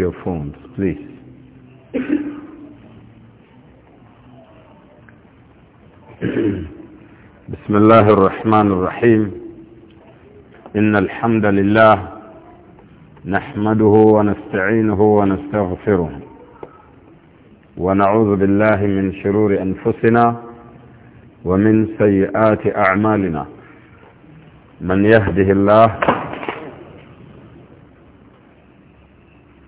your phones, please. بسم الله الرحمن الرحيم إن الحمد لله نحمده ونستعينه ونستغفره ونعوذ بالله من شرور أنفسنا ومن سيئات أعمالنا من يهده الله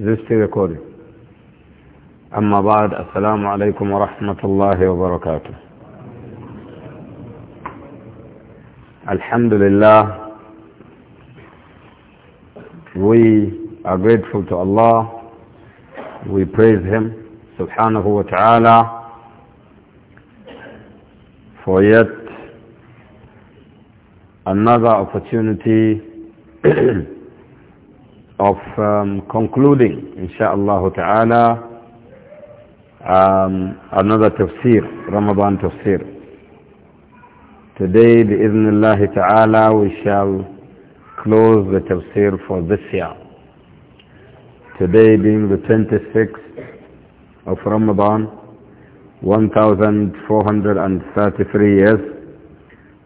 زستي this أما بعد السلام عليكم ورحمة الله وبركاته الحمد لله we are grateful to Allah we praise him سبحانه وتعالى for yet another opportunity of um, concluding, insha'Allah ta'ala, um, another tafsir, Ramadan tafsir. Today, bi'idhnillahi ta'ala, we shall close the tafsir for this year. Today being the 26th of Ramadan, 1433 years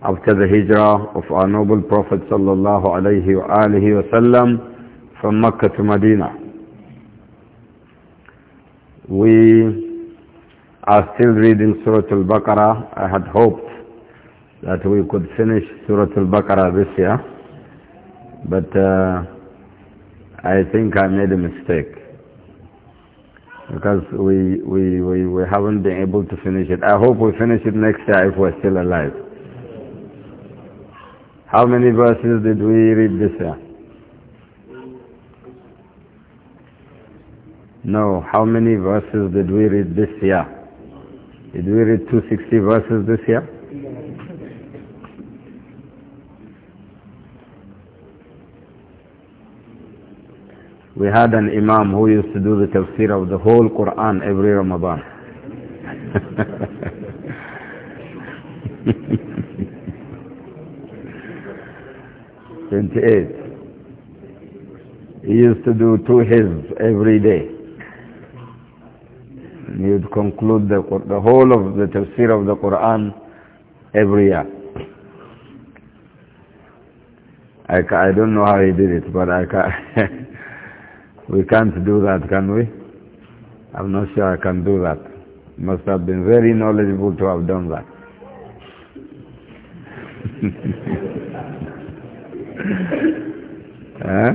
after the hijrah of our noble Prophet sallallahu alayhi wa from Mecca to Medina. We are still reading Surah Al-Baqarah. I had hoped that we could finish Surah Al-Baqarah this year, but uh, I think I made a mistake because we, we, we, we haven't been able to finish it. I hope we finish it next year if we're still alive. How many verses did we read this year? No. How many verses did we read this year? Did we read 260 verses this year? We had an imam who used to do the tafsir of the whole Quran every Ramadan. Twenty-eight. He used to do two his every day you'd conclude the, the whole of the tafsir of the Quran every year. I, I don't know how he did it, but I can we can't do that, can we? I'm not sure I can do that. Must have been very knowledgeable to have done that.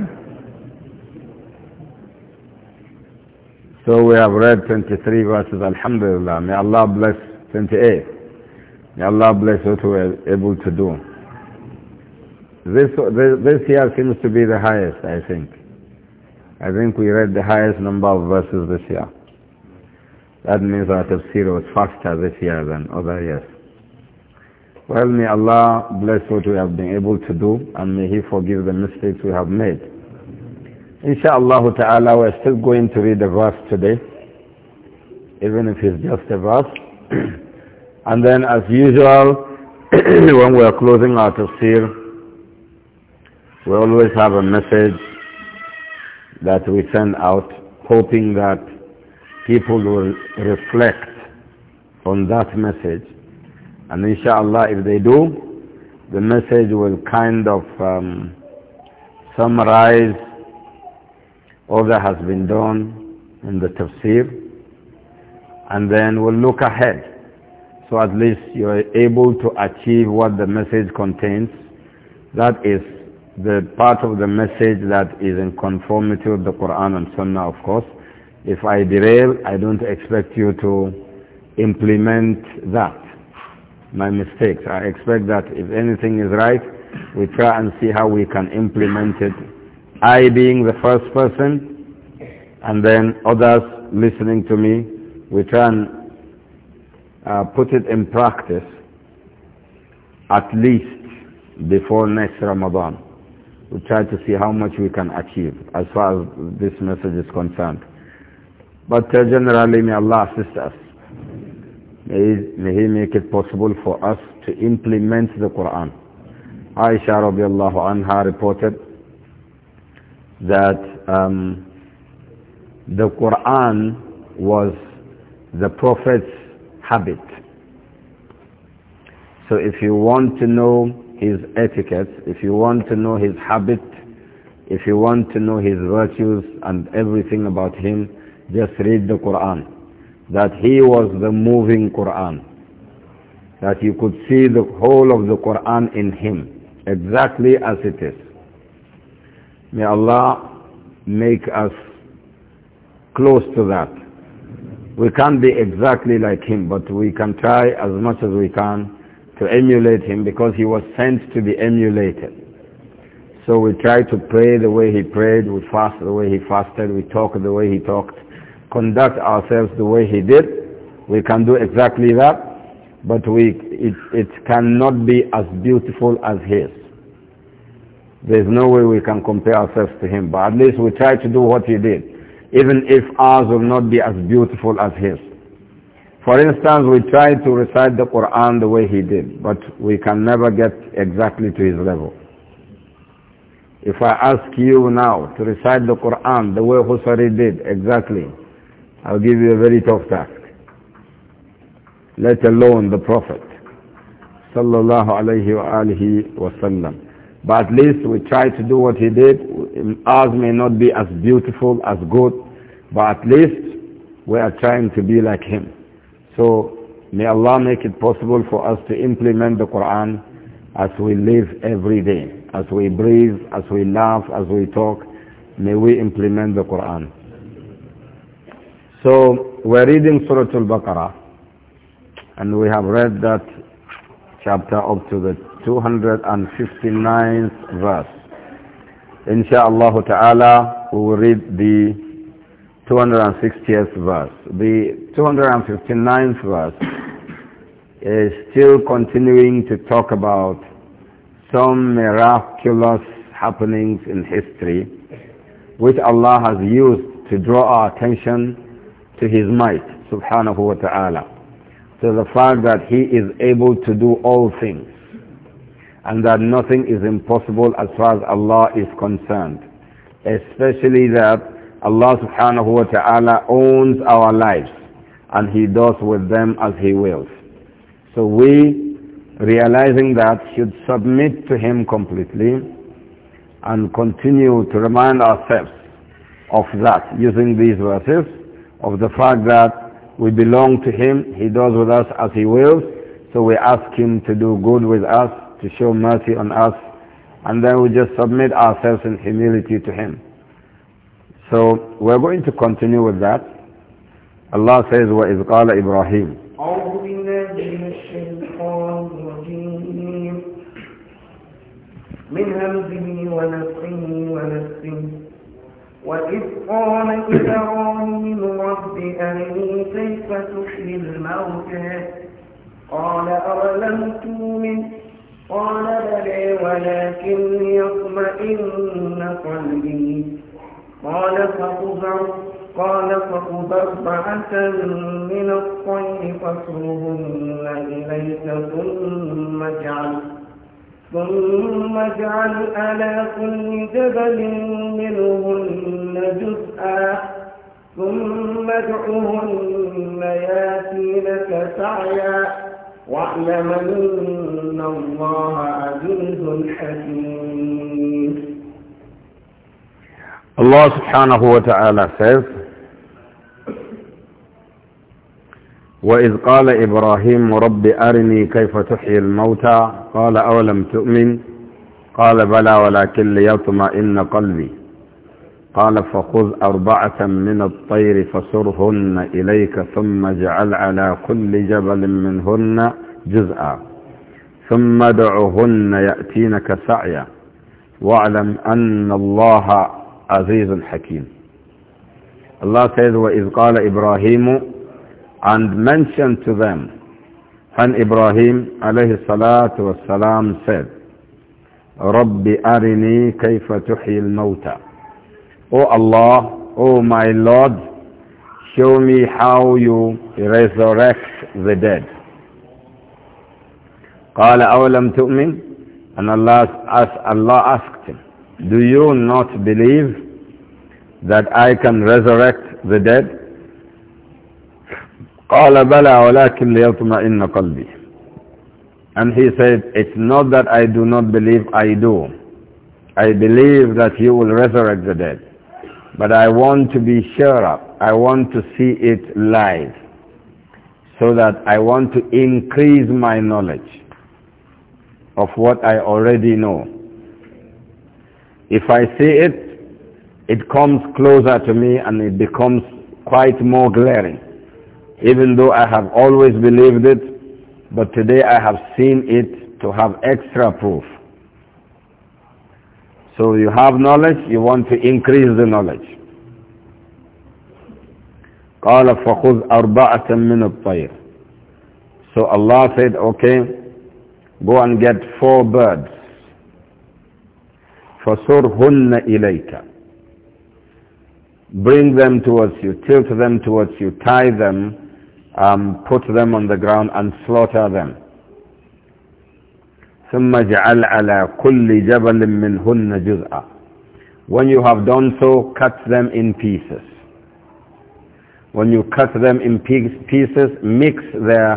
huh? So we have read 23 verses, Alhamdulillah. May Allah bless 28. May Allah bless what we are able to do. This, this, year seems to be the highest, I think. I think we read the highest number of verses this year. That means our tafsir was faster this year than other years. Well, may Allah bless what we have been able to do and may He forgive the mistakes we have made. Insha'Allah ta'ala, we're still going to read the verse today, even if it's just a verse. and then as usual, when we're closing our tafsir, we always have a message that we send out, hoping that people will reflect on that message. And inshallah, if they do, the message will kind of um, summarize all that has been done in the tafsir, and then we'll look ahead. So at least you're able to achieve what the message contains. That is the part of the message that is in conformity with the Quran and Sunnah, of course. If I derail, I don't expect you to implement that. My mistakes. I expect that if anything is right, we try and see how we can implement it I being the first person, and then others listening to me, we try and uh, put it in practice at least before next Ramadan. We try to see how much we can achieve as far as this message is concerned. But uh, generally, may Allah assist us. May, may He make it possible for us to implement the Quran. Aisha radiallahu anha reported that um, the Quran was the Prophet's habit. So if you want to know his etiquette, if you want to know his habit, if you want to know his virtues and everything about him, just read the Quran. That he was the moving Quran. That you could see the whole of the Quran in him, exactly as it is. May Allah make us close to that. We can't be exactly like him, but we can try as much as we can to emulate him because he was sent to be emulated. So we try to pray the way he prayed, we fast the way he fasted, we talk the way he talked, conduct ourselves the way he did. We can do exactly that, but we, it, it cannot be as beautiful as his. There's no way we can compare ourselves to him, but at least we try to do what he did, even if ours will not be as beautiful as his. For instance, we try to recite the Quran the way he did, but we can never get exactly to his level. If I ask you now to recite the Quran the way Husari did, exactly, I'll give you a very tough task. Let alone the Prophet. Sallallahu alayhi wa alihi wa sallam. But at least we try to do what he did. Ours may not be as beautiful, as good, but at least we are trying to be like him. So may Allah make it possible for us to implement the Quran as we live every day, as we breathe, as we laugh, as we talk. May we implement the Quran. So we're reading Surah Al-Baqarah and we have read that chapter up to the 259th verse. Insha'Allah ta'ala, we will read the 260th verse. The 259th verse is still continuing to talk about some miraculous happenings in history which Allah has used to draw our attention to His might, subhanahu wa ta'ala. To the fact that He is able to do all things and that nothing is impossible as far as Allah is concerned. Especially that Allah subhanahu wa ta'ala owns our lives and He does with them as He wills. So we, realizing that, should submit to Him completely and continue to remind ourselves of that using these verses, of the fact that we belong to Him, He does with us as He wills, so we ask Him to do good with us to show mercy on us, and then we just submit ourselves in humility to Him. So we're going to continue with that. Allah says, "Wa قَالَ Ibrahim." وإذ قال إبراهيم رب أرني كيف تحيي الموتى قال أولم تؤمن قال بلى ولكن يطمئن قلبي قال فخذ قال فخذ أربعة من الطير فاصرهن إليك ثم اجعل ثم اجعل على كل جبل منهن جزءا ثم ادعهن ياتينك سعيا واعلم أن الله عزيز حكيم الله سبحانه وتعالى says وإذ قال إبراهيم رب أرني كيف تحيي الموتى قال أولم تؤمن قال بلى ولكن ليطمئن قلبي قال فخذ أربعة من الطير فسرهن إليك ثم اجعل على كل جبل منهن جزءا ثم دعهن يأتينك سعيا واعلم أن الله عزيز حكيم الله says وَإِذْ قَالَ إِبْرَاهِيمُ and mentioned to them when Ibrahim عليه الصلاة والسلام said رَبِّ أَرِنِي كَيْفَ تُحْيِي الْمَوْتَى O oh Allah, O oh my Lord, show me how you resurrect the dead. قال أولم تؤمن and Allah asked, Allah asked him do you not believe that I can resurrect the dead قال بلى ولكن ليطمئن قلبي and he said it's not that I do not believe I do I believe that you will resurrect the dead but I want to be sure of, I want to see it live so that I want to increase my knowledge of what I already know. If I see it, it comes closer to me and it becomes quite more glaring. Even though I have always believed it, but today I have seen it to have extra proof. So you have knowledge, you want to increase the knowledge. قال فخذ أربعة من الطير So Allah said, okay, go and get four birds. فَصُرْهُنَّ إِلَيْكَ Bring them towards you, tilt them towards you, tie them, um, put them on the ground and slaughter them. ثم على كل جبل منهن جزءا When you have done so, cut them in pieces. When you cut them in pieces, mix their,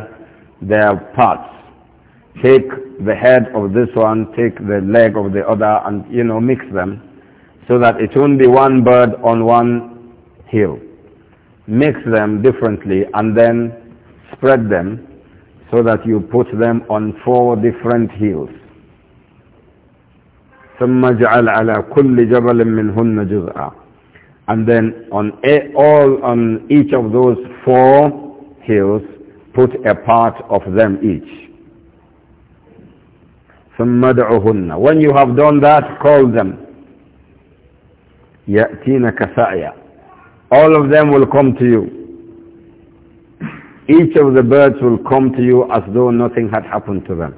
their parts. Take the head of this one, take the leg of the other, and, you know, mix them so that it won't be one bird on one hill. Mix them differently and then spread them so that you put them on four different hills. ثم على كل جبل منهن جزءا and then on a, all on each of those four hills put a part of them each ثم when you have done that call them all of them will come to you each of the birds will come to you as though nothing had happened to them.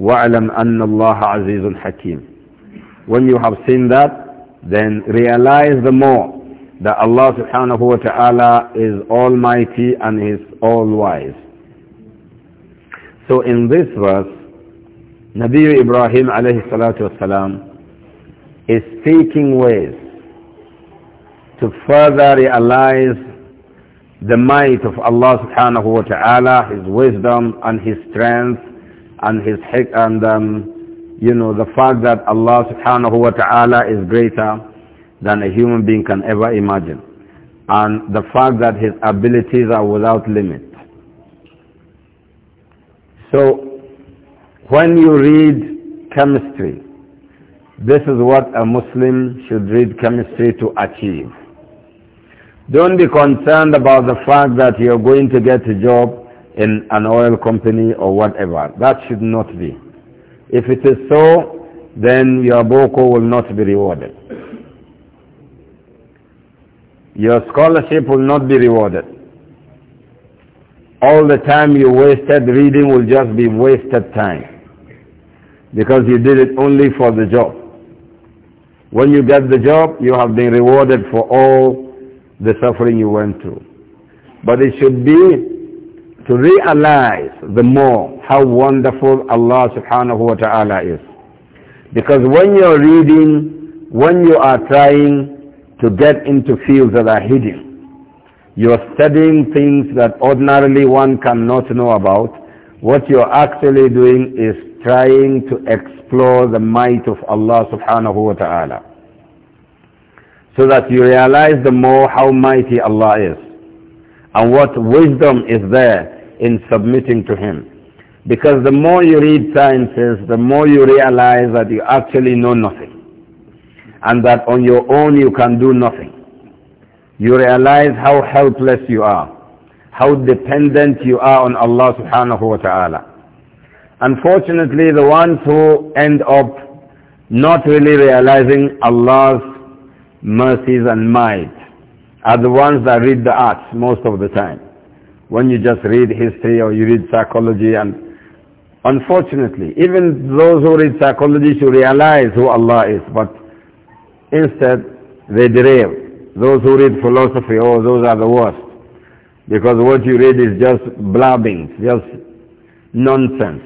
وَأَلَمْ أَنَّ اللَّهَ عَزِيزٌ حَكِيمٌ When you have seen that, then realize the more that Allah subhanahu wa ta'ala is almighty and is all-wise. So in this verse, Nabi Ibrahim alayhi salatu wasalam is seeking ways to further realize the might of Allah subhanahu wa ta'ala, His wisdom and His strength and His, and um, you know, the fact that Allah subhanahu wa ta'ala is greater than a human being can ever imagine. And the fact that His abilities are without limit. So, when you read chemistry, this is what a Muslim should read chemistry to achieve. Don't be concerned about the fact that you're going to get a job in an oil company or whatever. That should not be. If it is so, then your boko will not be rewarded. Your scholarship will not be rewarded. All the time you wasted reading will just be wasted time because you did it only for the job. When you get the job, you have been rewarded for all the suffering you went through. But it should be to realize the more how wonderful Allah subhanahu wa ta'ala is. Because when you're reading, when you are trying to get into fields that are hidden, you're studying things that ordinarily one cannot know about. What you're actually doing is trying to explore the might of Allah subhanahu wa ta'ala so that you realize the more how mighty Allah is and what wisdom is there in submitting to Him. Because the more you read sciences, the more you realize that you actually know nothing and that on your own you can do nothing. You realize how helpless you are, how dependent you are on Allah subhanahu wa ta'ala. Unfortunately, the ones who end up not really realizing Allah's mercies and might are the ones that read the arts most of the time. When you just read history or you read psychology and unfortunately, even those who read psychology should realize who Allah is, but instead they derail. Those who read philosophy, oh, those are the worst. Because what you read is just blabbing, just nonsense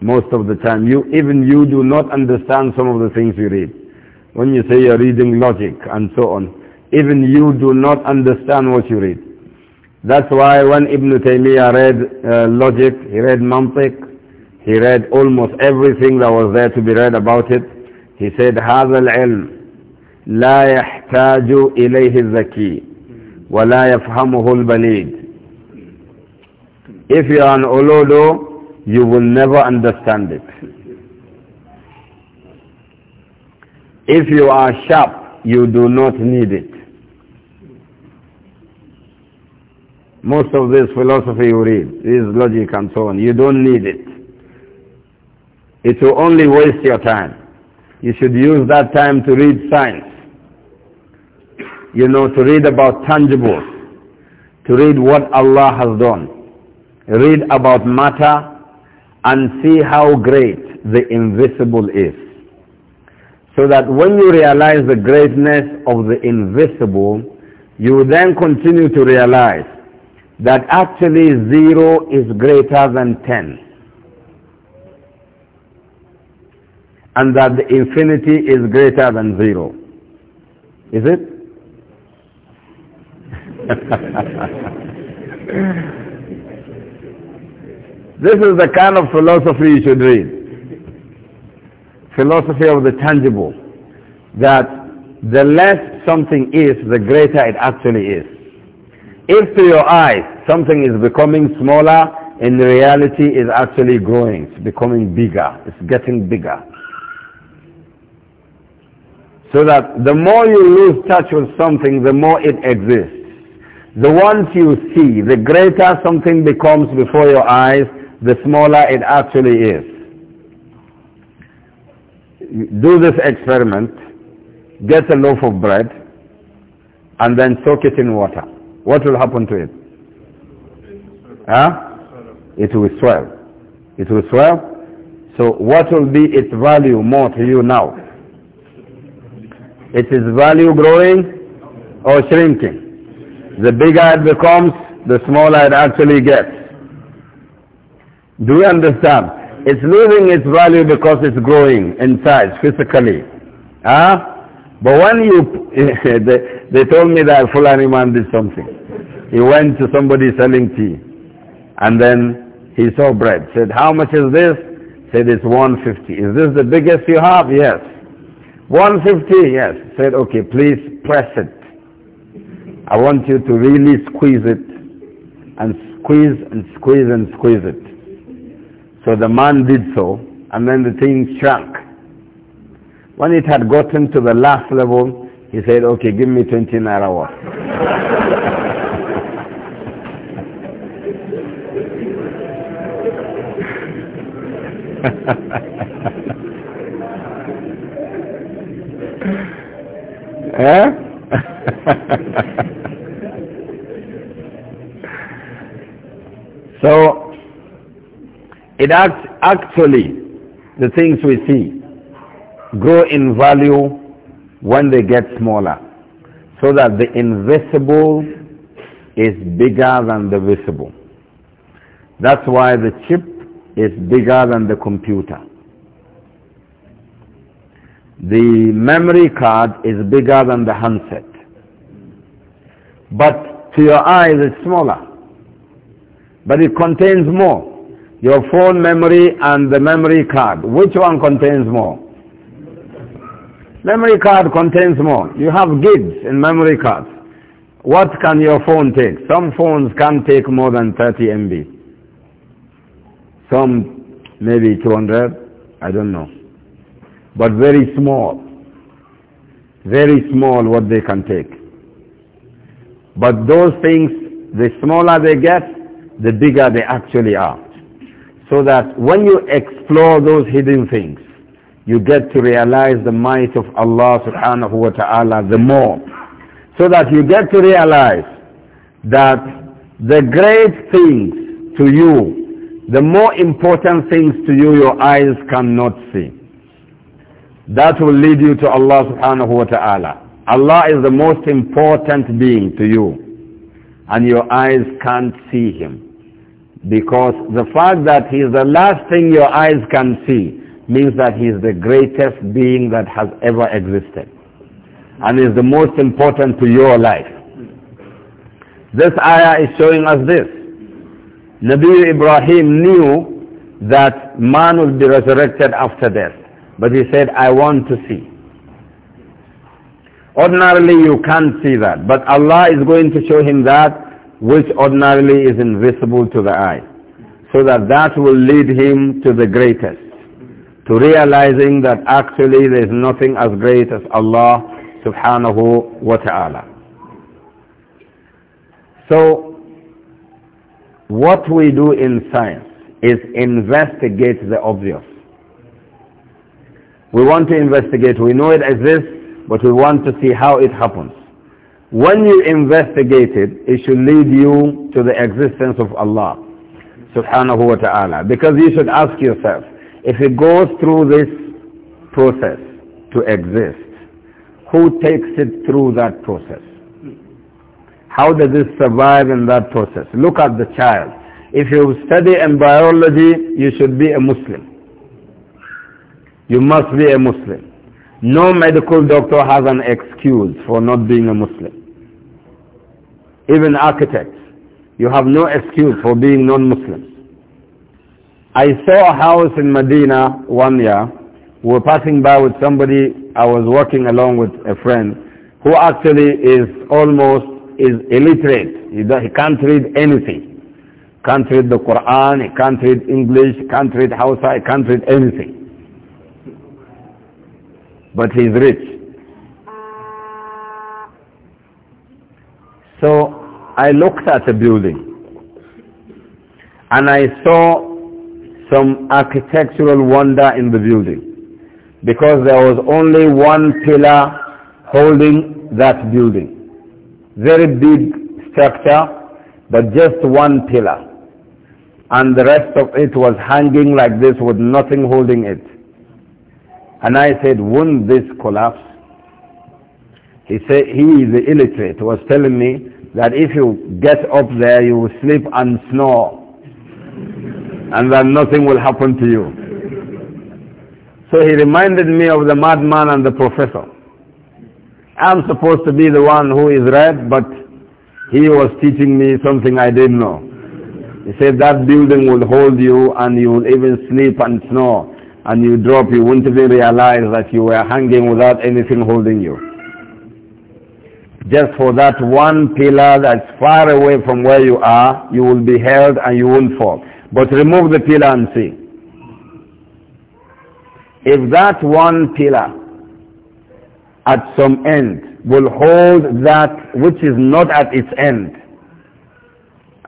most of the time. You, even you do not understand some of the things you read. When you say you're reading logic and so on, even you do not understand what you read. That's why when Ibn Taymiyyah read uh, logic, he read mantiq, he read almost everything that was there to be read about it. He said, هذا العلم لا يحتاج إليه الذكي ولا يفهمه البليد. If you are an olodo, you will never understand it. If you are sharp, you do not need it. Most of this philosophy you read, this logic and so on, you don't need it. It will only waste your time. You should use that time to read science. You know, to read about tangibles. To read what Allah has done. Read about matter and see how great the invisible is. So that when you realize the greatness of the invisible, you then continue to realize that actually zero is greater than ten. And that the infinity is greater than zero. Is it? this is the kind of philosophy you should read philosophy of the tangible, that the less something is, the greater it actually is. If to your eyes something is becoming smaller, in reality it's actually growing, it's becoming bigger, it's getting bigger. So that the more you lose touch with something, the more it exists. The ones you see, the greater something becomes before your eyes, the smaller it actually is do this experiment, get a loaf of bread, and then soak it in water. What will happen to it? Huh? It will swell. It will swell. So what will be its value more to you now? It is value growing or shrinking? The bigger it becomes, the smaller it actually gets. Do you understand? It's losing its value because it's growing in size physically. Huh? But when you, they, they told me that Fulani man did something. He went to somebody selling tea. And then he saw bread. Said, how much is this? Said, it's 150. Is this the biggest you have? Yes. 150, yes. Said, okay, please press it. I want you to really squeeze it. And squeeze and squeeze and squeeze it. So the man did so, and then the thing shrank. When it had gotten to the last level, he said, okay, give me 20 naira worth. eh? so it acts actually, the things we see grow in value when they get smaller, so that the invisible is bigger than the visible. That's why the chip is bigger than the computer. The memory card is bigger than the handset. But to your eyes it's smaller. But it contains more. Your phone memory and the memory card. Which one contains more? Memory card contains more. You have gigs in memory cards. What can your phone take? Some phones can take more than 30 MB. Some maybe 200. I don't know. But very small. Very small what they can take. But those things, the smaller they get, the bigger they actually are. So that when you explore those hidden things, you get to realize the might of Allah subhanahu wa ta'ala the more. So that you get to realize that the great things to you, the more important things to you your eyes cannot see. That will lead you to Allah subhanahu wa ta'ala. Allah is the most important being to you and your eyes can't see him. Because the fact that he is the last thing your eyes can see means that he is the greatest being that has ever existed and is the most important to your life. This ayah is showing us this. Nabi Ibrahim knew that man will be resurrected after death. But he said, I want to see. Ordinarily you can't see that. But Allah is going to show him that which ordinarily is invisible to the eye. So that that will lead him to the greatest, to realizing that actually there is nothing as great as Allah subhanahu wa ta'ala. So what we do in science is investigate the obvious. We want to investigate. We know it exists, but we want to see how it happens. When you investigate it, it should lead you to the existence of Allah subhanahu wa ta'ala. Because you should ask yourself, if it goes through this process to exist, who takes it through that process? How does it survive in that process? Look at the child. If you study in biology, you should be a Muslim. You must be a Muslim. No medical doctor has an excuse for not being a Muslim even architects, you have no excuse for being non-Muslims. I saw a house in Medina one year. We were passing by with somebody I was walking along with a friend who actually is almost is illiterate. He, he can't read anything. Can't read the Quran, he can't read English, can't read Hausa, he can't read anything. But he's rich. So I looked at a building and I saw some architectural wonder in the building because there was only one pillar holding that building. Very big structure, but just one pillar. And the rest of it was hanging like this with nothing holding it. And I said, would not this collapse? He said, he, the illiterate, was telling me that if you get up there, you will sleep and snore. And then nothing will happen to you. So he reminded me of the madman and the professor. I'm supposed to be the one who is read, but he was teaching me something I didn't know. He said that building will hold you and you will even sleep and snore. And you drop, you won't even realize that you were hanging without anything holding you just for that one pillar that's far away from where you are, you will be held and you will fall. But remove the pillar and see. If that one pillar at some end will hold that which is not at its end,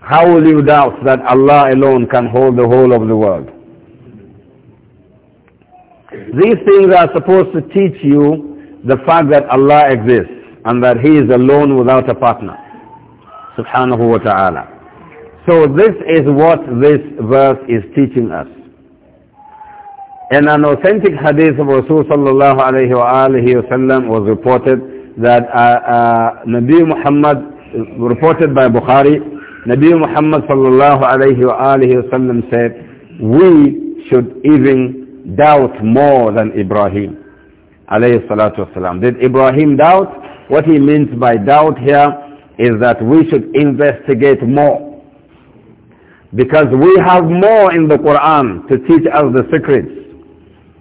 how will you doubt that Allah alone can hold the whole of the world? These things are supposed to teach you the fact that Allah exists and that he is alone without a partner. Subhanahu wa ta'ala. So this is what this verse is teaching us. In an authentic hadith of Rasul sallallahu alayhi wa was reported that uh, uh, Nabi Muhammad, reported by Bukhari, Nabi Muhammad sallallahu alayhi wa said, we should even doubt more than Ibrahim alayhi salatu wasalam. Did Ibrahim doubt? What he means by doubt here is that we should investigate more. Because we have more in the Quran to teach us the secrets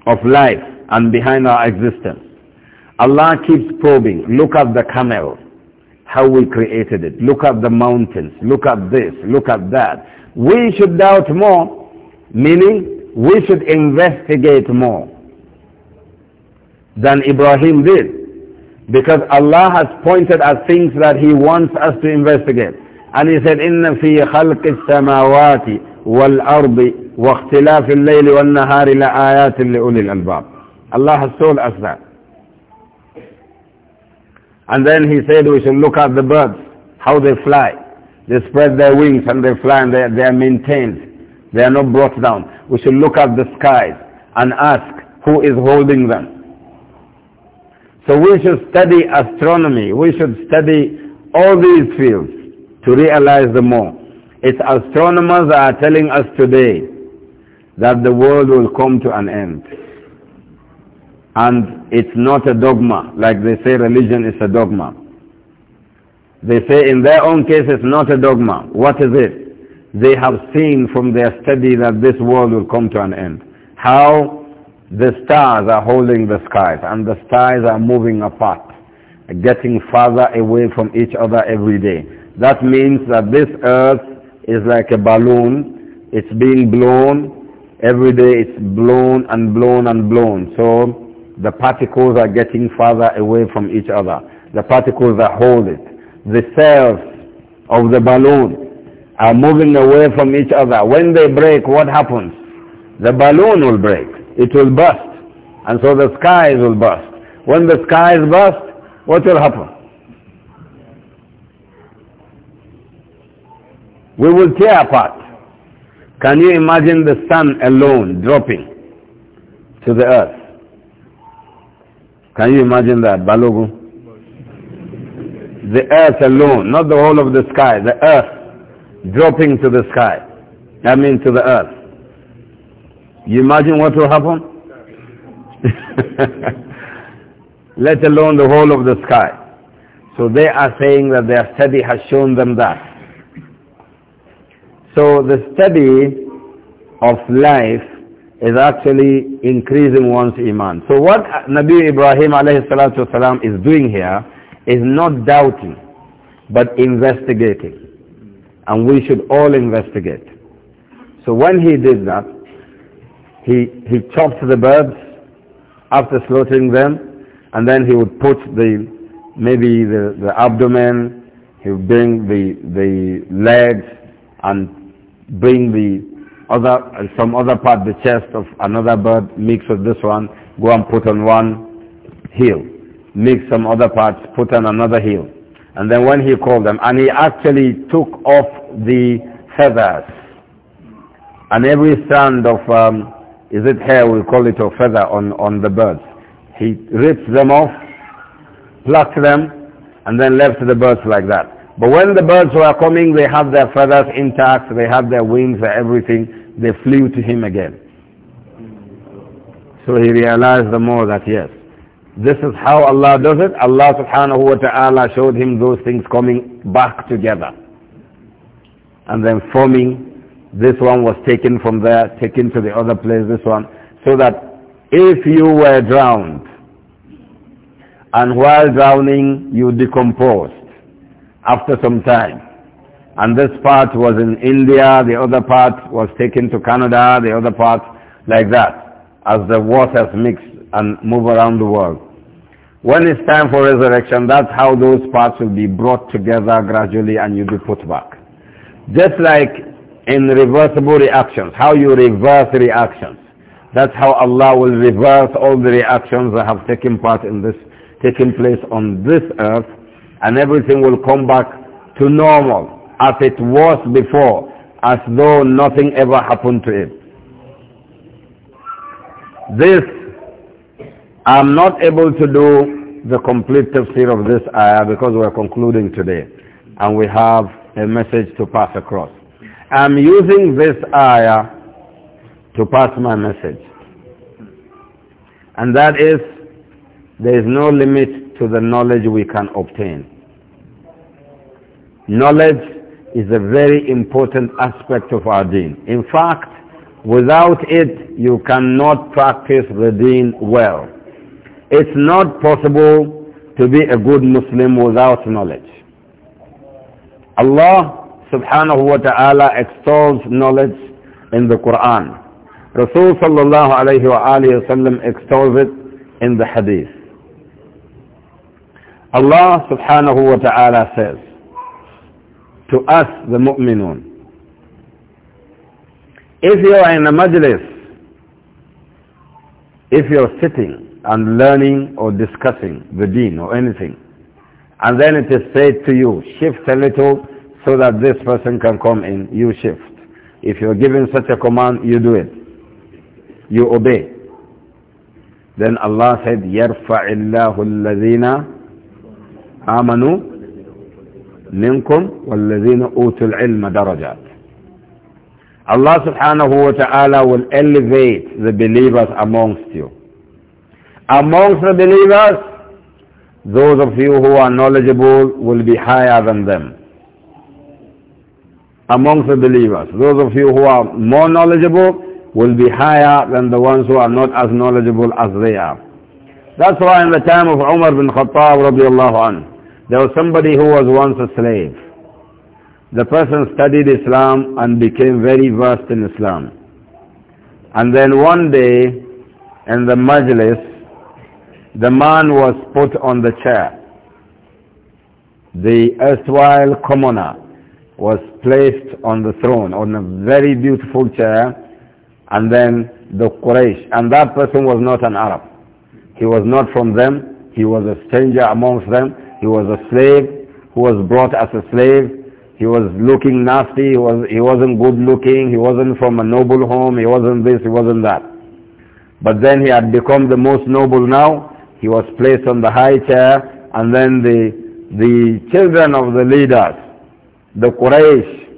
of life and behind our existence. Allah keeps probing. Look at the camel, how we created it. Look at the mountains. Look at this. Look at that. We should doubt more, meaning we should investigate more than Ibrahim did. Because Allah has pointed at things that He wants us to investigate. And He said, إِنَّ فِي خَلْقِ السَّمَاوَاتِ وَالْأَرْضِ وَاخْتِلَافِ اللَّيْلِ وَالنَّهَارِ لَآيَاتٍ لِأُولِي الْأَلْبَابِ Allah has told us that. And then He said we should look at the birds, how they fly. They spread their wings and they fly and they, they are maintained. They are not brought down. We should look at the skies and ask who is holding them. So we should study astronomy. We should study all these fields to realize the more. It's astronomers are telling us today that the world will come to an end. And it's not a dogma, like they say religion is a dogma. They say in their own case it's not a dogma. What is it? They have seen from their study that this world will come to an end. How the stars are holding the skies and the stars are moving apart, getting farther away from each other every day. That means that this earth is like a balloon. It's being blown. Every day it's blown and blown and blown. So the particles are getting farther away from each other. The particles that hold it. The cells of the balloon are moving away from each other. When they break, what happens? The balloon will break. It will burst. And so the skies will burst. When the skies burst, what will happen? We will tear apart. Can you imagine the sun alone dropping to the earth? Can you imagine that, Balogu? The earth alone, not the whole of the sky, the earth dropping to the sky. I mean to the earth. You imagine what will happen? Let alone the whole of the sky. So they are saying that their study has shown them that. So the study of life is actually increasing one's iman. So what Nabi Ibrahim alayhi is doing here is not doubting, but investigating. And we should all investigate. So when he did that, he, he chopped the birds after slaughtering them, and then he would put the, maybe the, the abdomen, he would bring the, the legs, and bring the other, uh, some other part, the chest of another bird, mix with this one, go and put on one heel. Mix some other parts, put on another heel. And then when he called them, and he actually took off the feathers, and every strand of um, is it hair we call it or feather on, on the birds. He rips them off, plucked them, and then left the birds like that. But when the birds were coming, they had their feathers intact, they had their wings, everything. They flew to him again. So he realized the more that yes, this is how Allah does it. Allah subhanahu wa ta'ala showed him those things coming back together and then forming this one was taken from there, taken to the other place, this one. So that if you were drowned, and while drowning you decomposed after some time, and this part was in India, the other part was taken to Canada, the other part like that, as the waters mix and move around the world. When it's time for resurrection, that's how those parts will be brought together gradually and you'll be put back. Just like in reversible reactions, how you reverse reactions. That's how Allah will reverse all the reactions that have taken part in this, taken place on this earth, and everything will come back to normal, as it was before, as though nothing ever happened to it. This, I'm not able to do the complete tafsir of this ayah because we're concluding today, and we have a message to pass across. I'm using this ayah to pass my message. And that is, there is no limit to the knowledge we can obtain. Knowledge is a very important aspect of our deen. In fact, without it, you cannot practice the deen well. It's not possible to be a good Muslim without knowledge. Allah subhanahu wa ta'ala extols knowledge in the Quran. Rasul sallallahu alayhi wa alayhi wa extols it in the hadith. Allah subhanahu wa ta'ala says to us the mu'minun, if you are in a majlis, if you are sitting and learning or discussing the deen or anything, and then it is said to you, shift a little so that this person can come in, you shift. If you're given such a command, you do it. You obey. Then Allah said, يَرْفَعِ اللَّهُ الَّذِينَ آمَنُوا منكم والذين أوتوا العلم درجات Allah subhanahu wa ta'ala will elevate the believers amongst you. Amongst the believers, those of you who are knowledgeable will be higher than them amongst the believers. Those of you who are more knowledgeable will be higher than the ones who are not as knowledgeable as they are. That's why in the time of Umar bin Khattab there was somebody who was once a slave. The person studied Islam and became very versed in Islam. And then one day in the majlis, the man was put on the chair. The erstwhile commoner was placed on the throne on a very beautiful chair and then the Quraysh. And that person was not an Arab. He was not from them. He was a stranger amongst them. He was a slave who was brought as a slave. He was looking nasty. He, was, he wasn't good looking. He wasn't from a noble home. He wasn't this. He wasn't that. But then he had become the most noble now. He was placed on the high chair. And then the, the children of the leaders the Quraysh,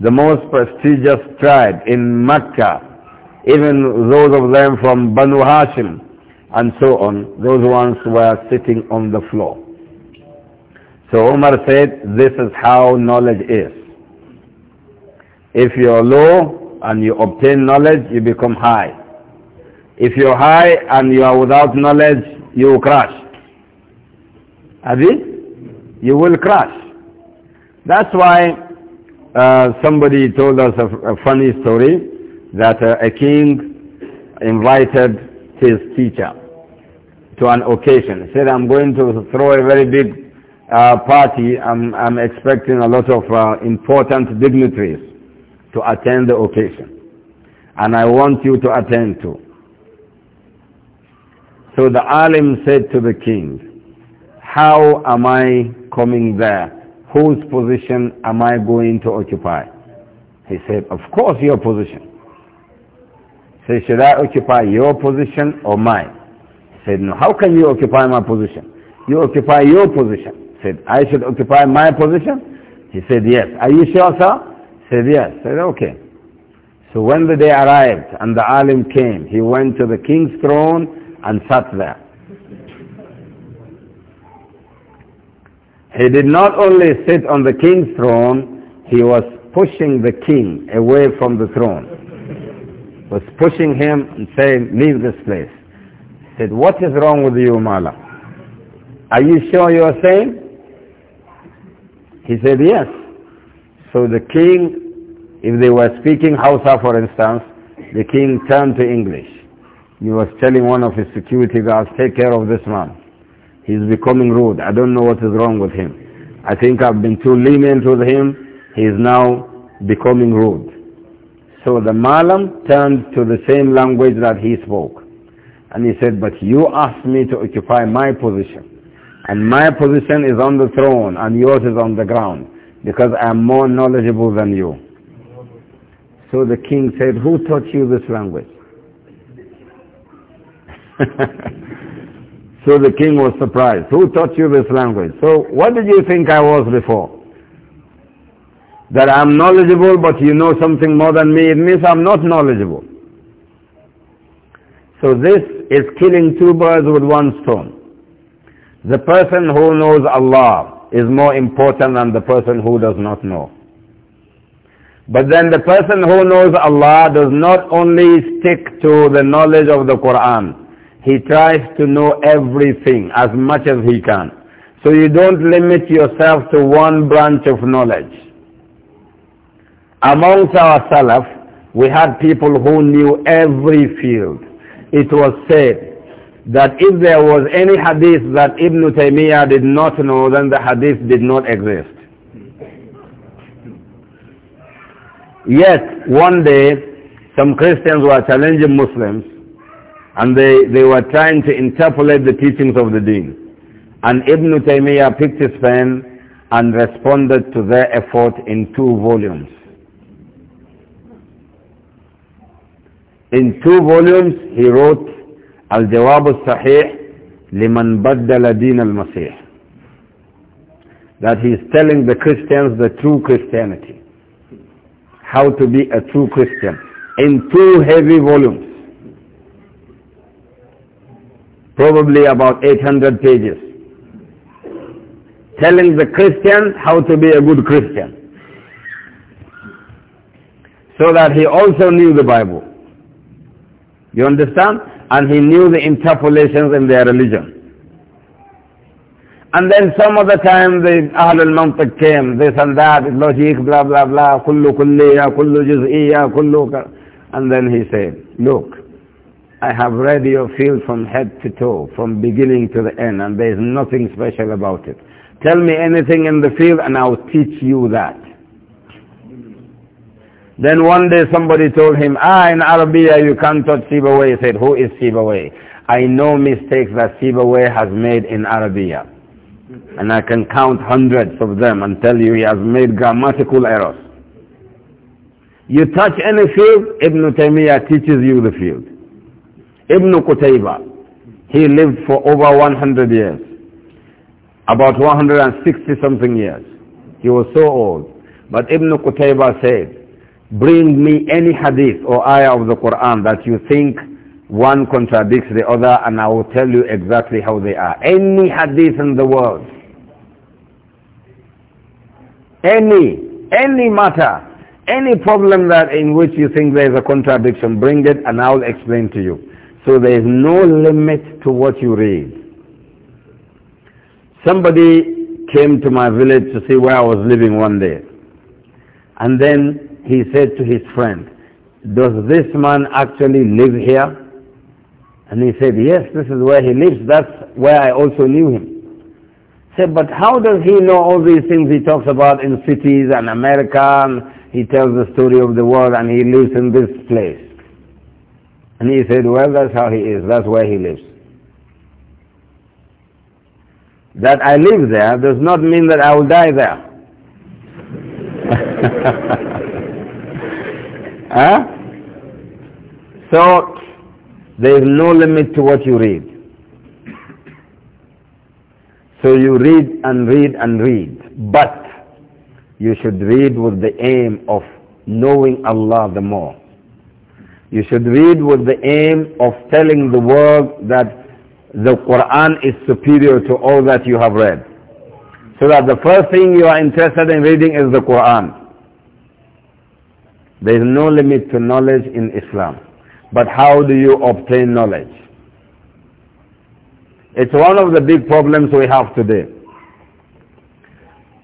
the most prestigious tribe in Mecca, even those of them from Banu Hashim and so on, those ones were sitting on the floor. So Umar said, this is how knowledge is. If you're low and you obtain knowledge, you become high. If you're high and you are without knowledge, you will crash. you? you will crash. That's why uh, somebody told us a, a funny story that uh, a king invited his teacher to an occasion. He said, I'm going to throw a very big uh, party. I'm, I'm, expecting a lot of uh, important dignitaries to attend the occasion. And I want you to attend too. So the alim said to the king, how am I coming there? whose position am I going to occupy? He said, of course your position. He said, should I occupy your position or mine? He said, no, how can you occupy my position? You occupy your position. He said, I should occupy my position? He said, yes. Are you sure, sir? He said, yes. He said, okay. So when the day arrived and the alim came, he went to the king's throne and sat there. He did not only sit on the king's throne, he was pushing the king away from the throne. was pushing him and saying, leave this place. He said, what is wrong with you, Mala? Are you sure you are sane? He said, yes. So the king, if they were speaking Hausa, for instance, the king turned to English. He was telling one of his security guards, take care of this man. He's becoming rude. I don't know what is wrong with him. I think I've been too lenient with him. He is now becoming rude. So the Malam turned to the same language that he spoke. And he said, but you asked me to occupy my position. And my position is on the throne and yours is on the ground because I am more knowledgeable than you. So the king said, who taught you this language? So the king was surprised. Who taught you this language? So what did you think I was before? That I'm knowledgeable but you know something more than me, it means I'm not knowledgeable. So this is killing two birds with one stone. The person who knows Allah is more important than the person who does not know. But then the person who knows Allah does not only stick to the knowledge of the Quran, he tries to know everything as much as he can. So you don't limit yourself to one branch of knowledge. Amongst our Salaf, we had people who knew every field. It was said that if there was any hadith that Ibn Taymiyyah did not know, then the hadith did not exist. Yet, one day, some Christians were challenging Muslims and they, they were trying to interpolate the teachings of the deen. And Ibn Taymiyyah picked his pen and responded to their effort in two volumes. In two volumes he wrote Al-Jawab al-Sahih liman baddala din al-Masih. That he is telling the Christians the true Christianity. How to be a true Christian. In two heavy volumes probably about 800 pages, telling the Christians how to be a good Christian. So that he also knew the Bible. You understand? And he knew the interpolations in their religion. And then some other time the Ahlul Mantiq came, this and that, logic, blah, blah, blah, kullu kulliya, kullu juz'iyya, kullu... And then he said, look, I have read your field from head to toe, from beginning to the end, and there is nothing special about it. Tell me anything in the field and I'll teach you that. Then one day somebody told him, ah, in Arabia you can't touch Sibaway. He said, who is Sibaway? I know mistakes that Sibaway has made in Arabia. And I can count hundreds of them and tell you he has made grammatical errors. You touch any field, Ibn Taymiyyah teaches you the field. Ibn Qutayba, he lived for over 100 years, about 160 something years. He was so old. But Ibn Qutayba said, bring me any hadith or ayah of the Quran that you think one contradicts the other and I will tell you exactly how they are. Any hadith in the world. Any, any matter, any problem that in which you think there is a contradiction, bring it and I will explain to you. So there is no limit to what you read. Somebody came to my village to see where I was living one day. And then he said to his friend, does this man actually live here? And he said, yes, this is where he lives. That's where I also knew him. said, but how does he know all these things he talks about in cities and America and he tells the story of the world and he lives in this place? And he said, well, that's how he is. That's where he lives. That I live there does not mean that I will die there. huh? So, there is no limit to what you read. So you read and read and read. But you should read with the aim of knowing Allah the more. You should read with the aim of telling the world that the Quran is superior to all that you have read. So that the first thing you are interested in reading is the Quran. There is no limit to knowledge in Islam. But how do you obtain knowledge? It's one of the big problems we have today.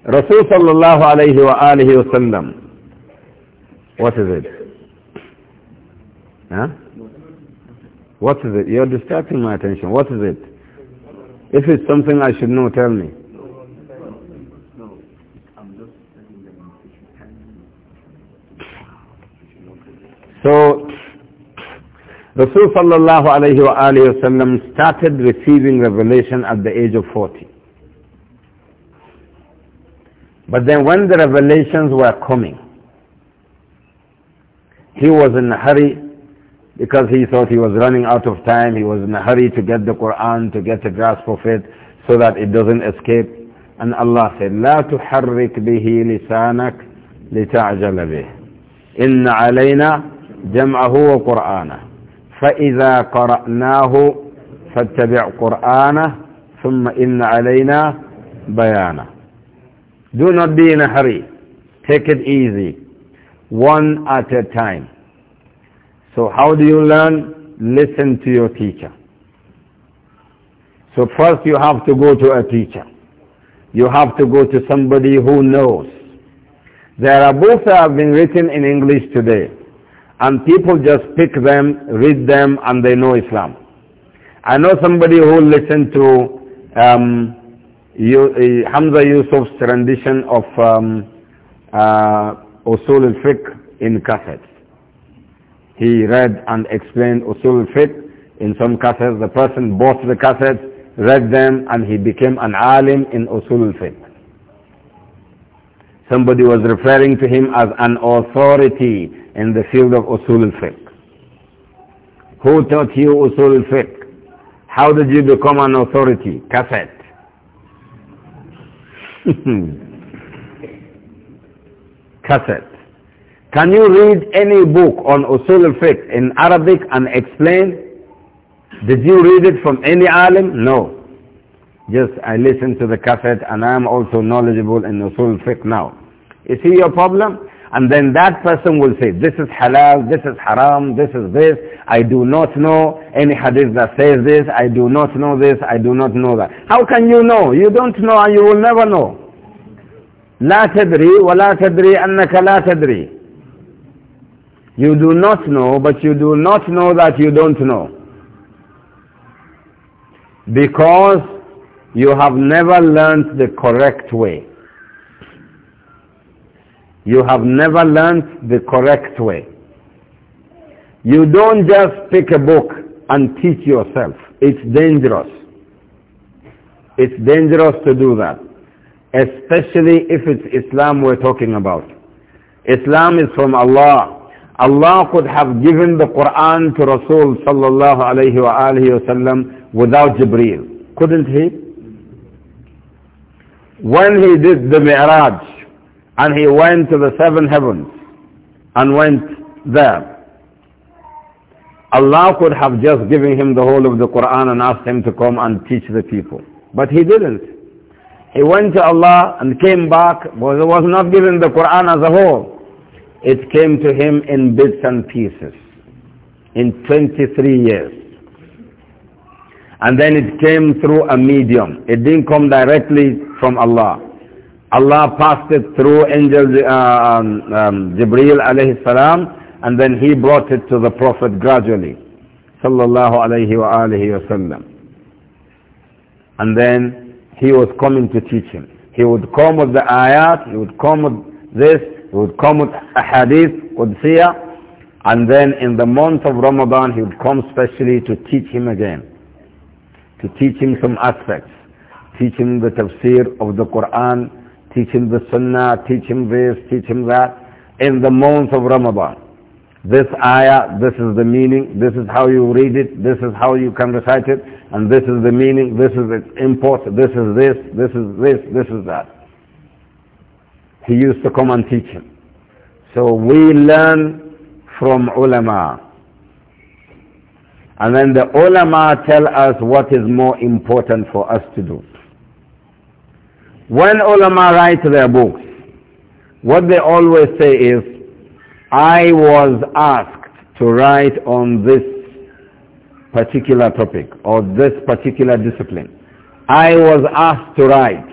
Rasul sallallahu alayhi wa alihi wa sallam. What is it? Huh? What is it? You're distracting my attention. What is it? If it's something I should know, tell me. So, Rasul sallallahu alayhi wa alayhi wa started receiving revelation at the age of 40. But then when the revelations were coming, he was in a hurry because he thought he was running out of time, he was in a hurry to get the Quran, to get a grasp of it, so that it doesn't escape. And Allah said, لا تحرك به لسانك لتعجل به إن علينا جمعه وقرآنه فإذا قرأناه فاتبع قرآنه ثم إن علينا بيانه Do not be in a hurry. Take it easy. One at a time. So how do you learn? Listen to your teacher. So first you have to go to a teacher. You have to go to somebody who knows. There are books that have been written in English today. And people just pick them, read them, and they know Islam. I know somebody who listened to um, you, uh, Hamza Yusuf's rendition of um, uh, Usul al-Fiqh in cassette. He read and explained Usul Fit. in some cassettes. The person bought the cassettes, read them, and he became an alim in Usul Fit. Somebody was referring to him as an authority in the field of Usul Fit. Who taught you Usul Fit? How did you become an authority? Cassette. cassette. Can you read any book on usul al-fiqh in Arabic and explain? Did you read it from any alim? No. Just I listen to the cassette and I am also knowledgeable in usul al-fiqh now. You see your problem? And then that person will say, this is halal, this is haram, this is this. I do not know any hadith that says this. I do not know this. I do not know that. How can you know? You don't know and you will never know. لا تدري ولا تدري أنك لا تدري you do not know, but you do not know that you don't know. Because you have never learnt the correct way. You have never learnt the correct way. You don't just pick a book and teach yourself. It's dangerous. It's dangerous to do that. Especially if it's Islam we're talking about. Islam is from Allah. Allah could have given the Quran to Rasul sallallahu alayhi wa alihi wasallam without Jibreel. Couldn't he? When he did the Mi'raj and he went to the seven heavens and went there, Allah could have just given him the whole of the Quran and asked him to come and teach the people. But he didn't. He went to Allah and came back, but was not given the Quran as a whole. It came to him in bits and pieces in 23 years. And then it came through a medium. It didn't come directly from Allah. Allah passed it through angel uh, um, um, Jibreel alayhi salam and then he brought it to the Prophet gradually. Sallallahu alayhi wa alihi wasallam. And then he was coming to teach him. He would come with the ayat, he would come with this, he would come with ahadith, Qudsiya, and then in the month of Ramadan, he would come specially to teach him again, to teach him some aspects, teach him the tafsir of the Quran, teach him the sunnah, teach him this, teach him that, in the month of Ramadan. This ayah, this is the meaning, this is how you read it, this is how you can recite it, and this is the meaning, this is its import, this is this, this is this, this is that. He used to come and teach him. So we learn from ulama. And then the ulama tell us what is more important for us to do. When ulama write their books, what they always say is, I was asked to write on this particular topic or this particular discipline. I was asked to write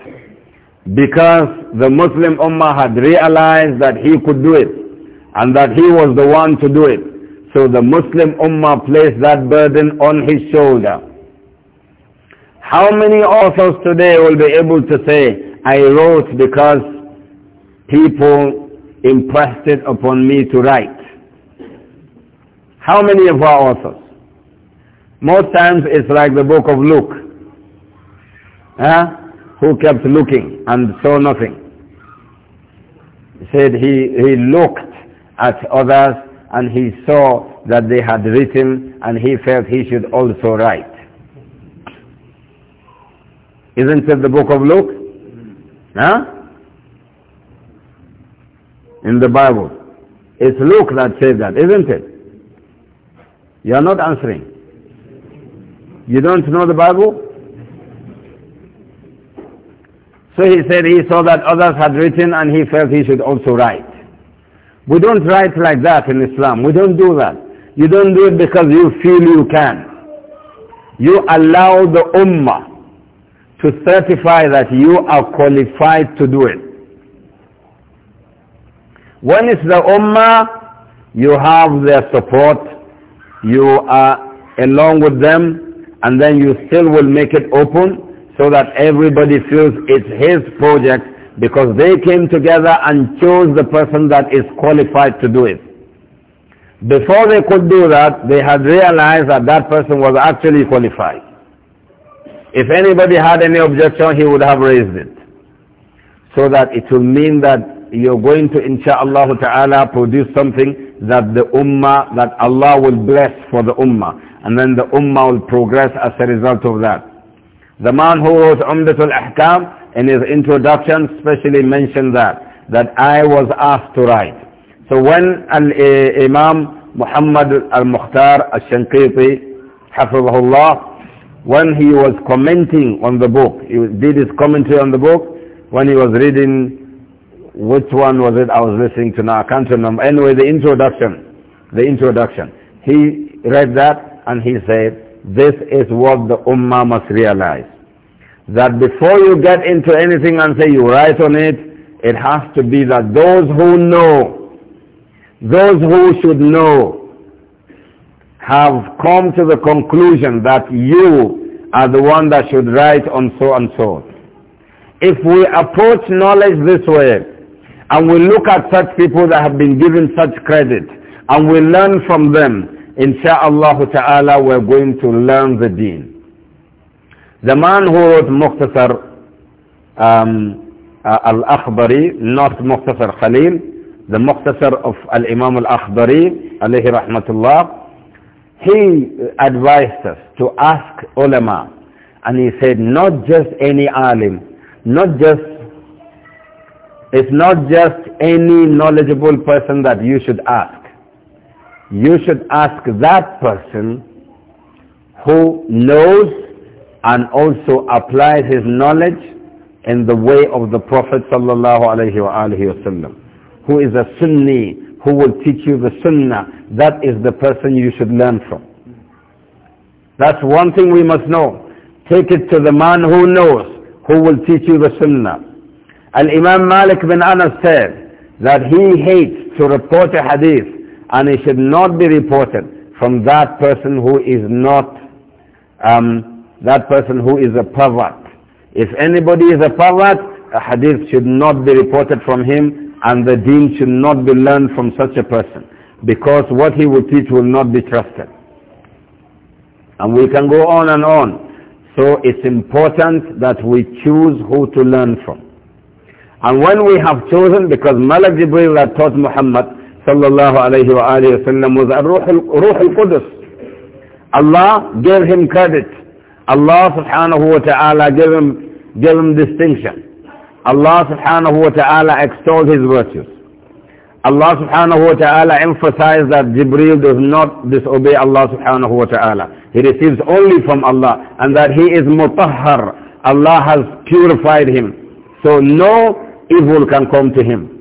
because the Muslim Ummah had realized that he could do it and that he was the one to do it. So the Muslim Ummah placed that burden on his shoulder. How many authors today will be able to say, I wrote because people impressed it upon me to write? How many of our authors? Most times it's like the book of Luke. Huh? who kept looking and saw nothing. He said he, he looked at others and he saw that they had written and he felt he should also write. Isn't it the book of Luke? Huh? In the Bible. It's Luke that said that, isn't it? You are not answering. You don't know the Bible? So he said he saw that others had written and he felt he should also write. We don't write like that in Islam. We don't do that. You don't do it because you feel you can. You allow the ummah to certify that you are qualified to do it. When it's the ummah, you have their support. You are along with them and then you still will make it open so that everybody feels it's his project because they came together and chose the person that is qualified to do it. Before they could do that, they had realized that that person was actually qualified. If anybody had any objection, he would have raised it. So that it will mean that you're going to, insha'Allah ta'ala, produce something that the ummah, that Allah will bless for the ummah. And then the ummah will progress as a result of that. The man who wrote Umdatul Ahkam in his introduction specially mentioned that, that I was asked to write. So when Al-Imam eh, Muhammad Al-Mukhtar Al-Shankiti, Hafizahullah, when he was commenting on the book, he did his commentary on the book, when he was reading, which one was it I was listening to now, I can't remember. Anyway, the introduction, the introduction. He read that and he said, this is what the Ummah must realize. That before you get into anything and say you write on it, it has to be that those who know, those who should know, have come to the conclusion that you are the one that should write on so and so. If we approach knowledge this way, and we look at such people that have been given such credit, and we learn from them, Insha'Allah ta'ala, we're going to learn the deen. The man who wrote Muqtasar um, uh, Al-Akhbari, not Muqtasar Khalil, the Muqtasar of Al-Imam Al-Akhbari, alayhi rahmatullah, he advised us to ask ulama, and he said, not just any alim, not just it's not just any knowledgeable person that you should ask you should ask that person who knows and also applies his knowledge in the way of the Prophet sallallahu who is a Sunni, who will teach you the Sunnah. That is the person you should learn from. That's one thing we must know. Take it to the man who knows, who will teach you the Sunnah. And imam Malik bin Anas said that he hates to report a hadith and it should not be reported from that person who is not um, that person who is a pervert. If anybody is a pervert, a hadith should not be reported from him and the deen should not be learned from such a person because what he will teach will not be trusted. And we can go on and on. So it's important that we choose who to learn from. And when we have chosen, because Malak Jibreel had taught Muhammad, sallallahu alayhi wa alayhi wasallam was Ruh al-Qudus. Allah gave him credit. Allah subhanahu wa ta'ala gave him, gave him distinction. Allah subhanahu wa ta'ala extolled his virtues. Allah subhanahu wa ta'ala emphasized that Jibreel does not disobey Allah subhanahu wa ta'ala. He receives only from Allah and that he is mutahhar. Allah has purified him. So no evil can come to him.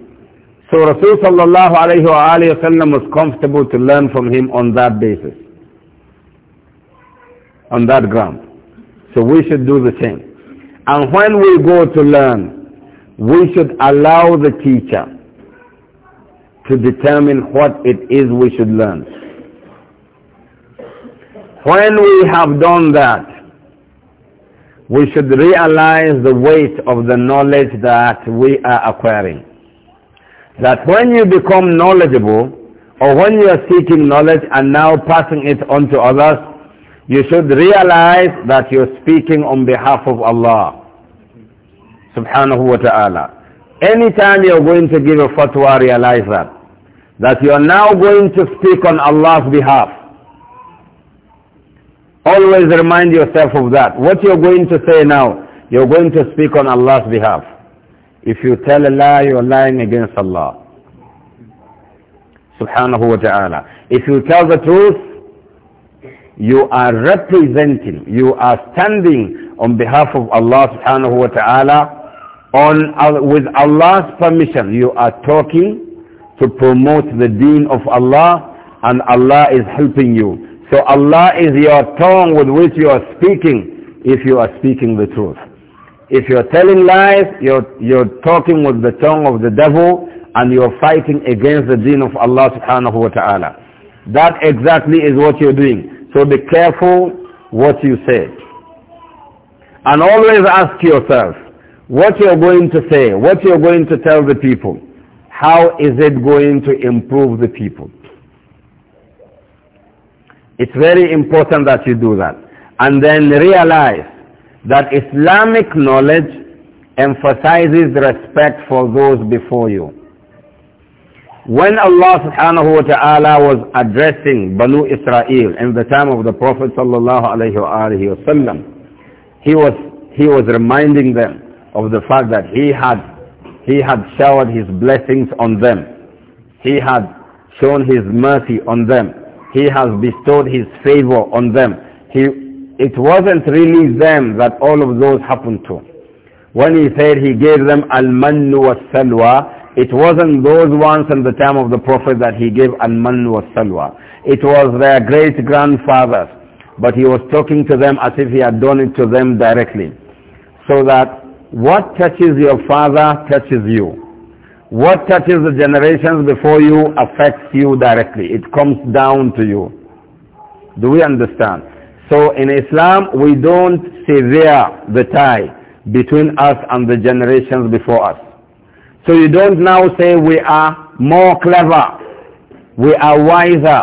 So Rasulullah sallallahu alayhi wa alayhi wa was comfortable to learn from him on that basis, on that ground. So we should do the same. And when we go to learn, we should allow the teacher to determine what it is we should learn. When we have done that, we should realize the weight of the knowledge that we are acquiring that when you become knowledgeable or when you are seeking knowledge and now passing it on to others, you should realize that you're speaking on behalf of Allah subhanahu wa ta'ala. Anytime you're going to give a fatwa, realize that. That you're now going to speak on Allah's behalf. Always remind yourself of that. What you're going to say now, you're going to speak on Allah's behalf. If you tell a lie, you are lying against Allah. Subhanahu wa ta'ala. If you tell the truth, you are representing, you are standing on behalf of Allah subhanahu wa ta'ala on, uh, with Allah's permission. You are talking to promote the deen of Allah and Allah is helping you. So Allah is your tongue with which you are speaking if you are speaking the truth. If you're telling lies, you're, you're talking with the tongue of the devil and you're fighting against the deen of Allah subhanahu wa ta'ala. That exactly is what you're doing. So be careful what you say. And always ask yourself, what you're going to say, what you're going to tell the people, how is it going to improve the people? It's very important that you do that. And then realize that Islamic knowledge emphasizes respect for those before you. When Allah subhanahu wa ta'ala was addressing Banu Israel in the time of the Prophet sallallahu alayhi wa he was, he was reminding them of the fact that he had, he had showered his blessings on them. He had shown his mercy on them. He has bestowed his favor on them. He it wasn't really them that all of those happened to. When he said he gave them al-mannu wa salwa it wasn't those ones in the time of the Prophet that he gave al-mannu wa salwa It was their great-grandfathers. But he was talking to them as if he had done it to them directly. So that what touches your father touches you. What touches the generations before you affects you directly. It comes down to you. Do we understand? So in Islam, we don't sever the tie between us and the generations before us. So you don't now say we are more clever, we are wiser,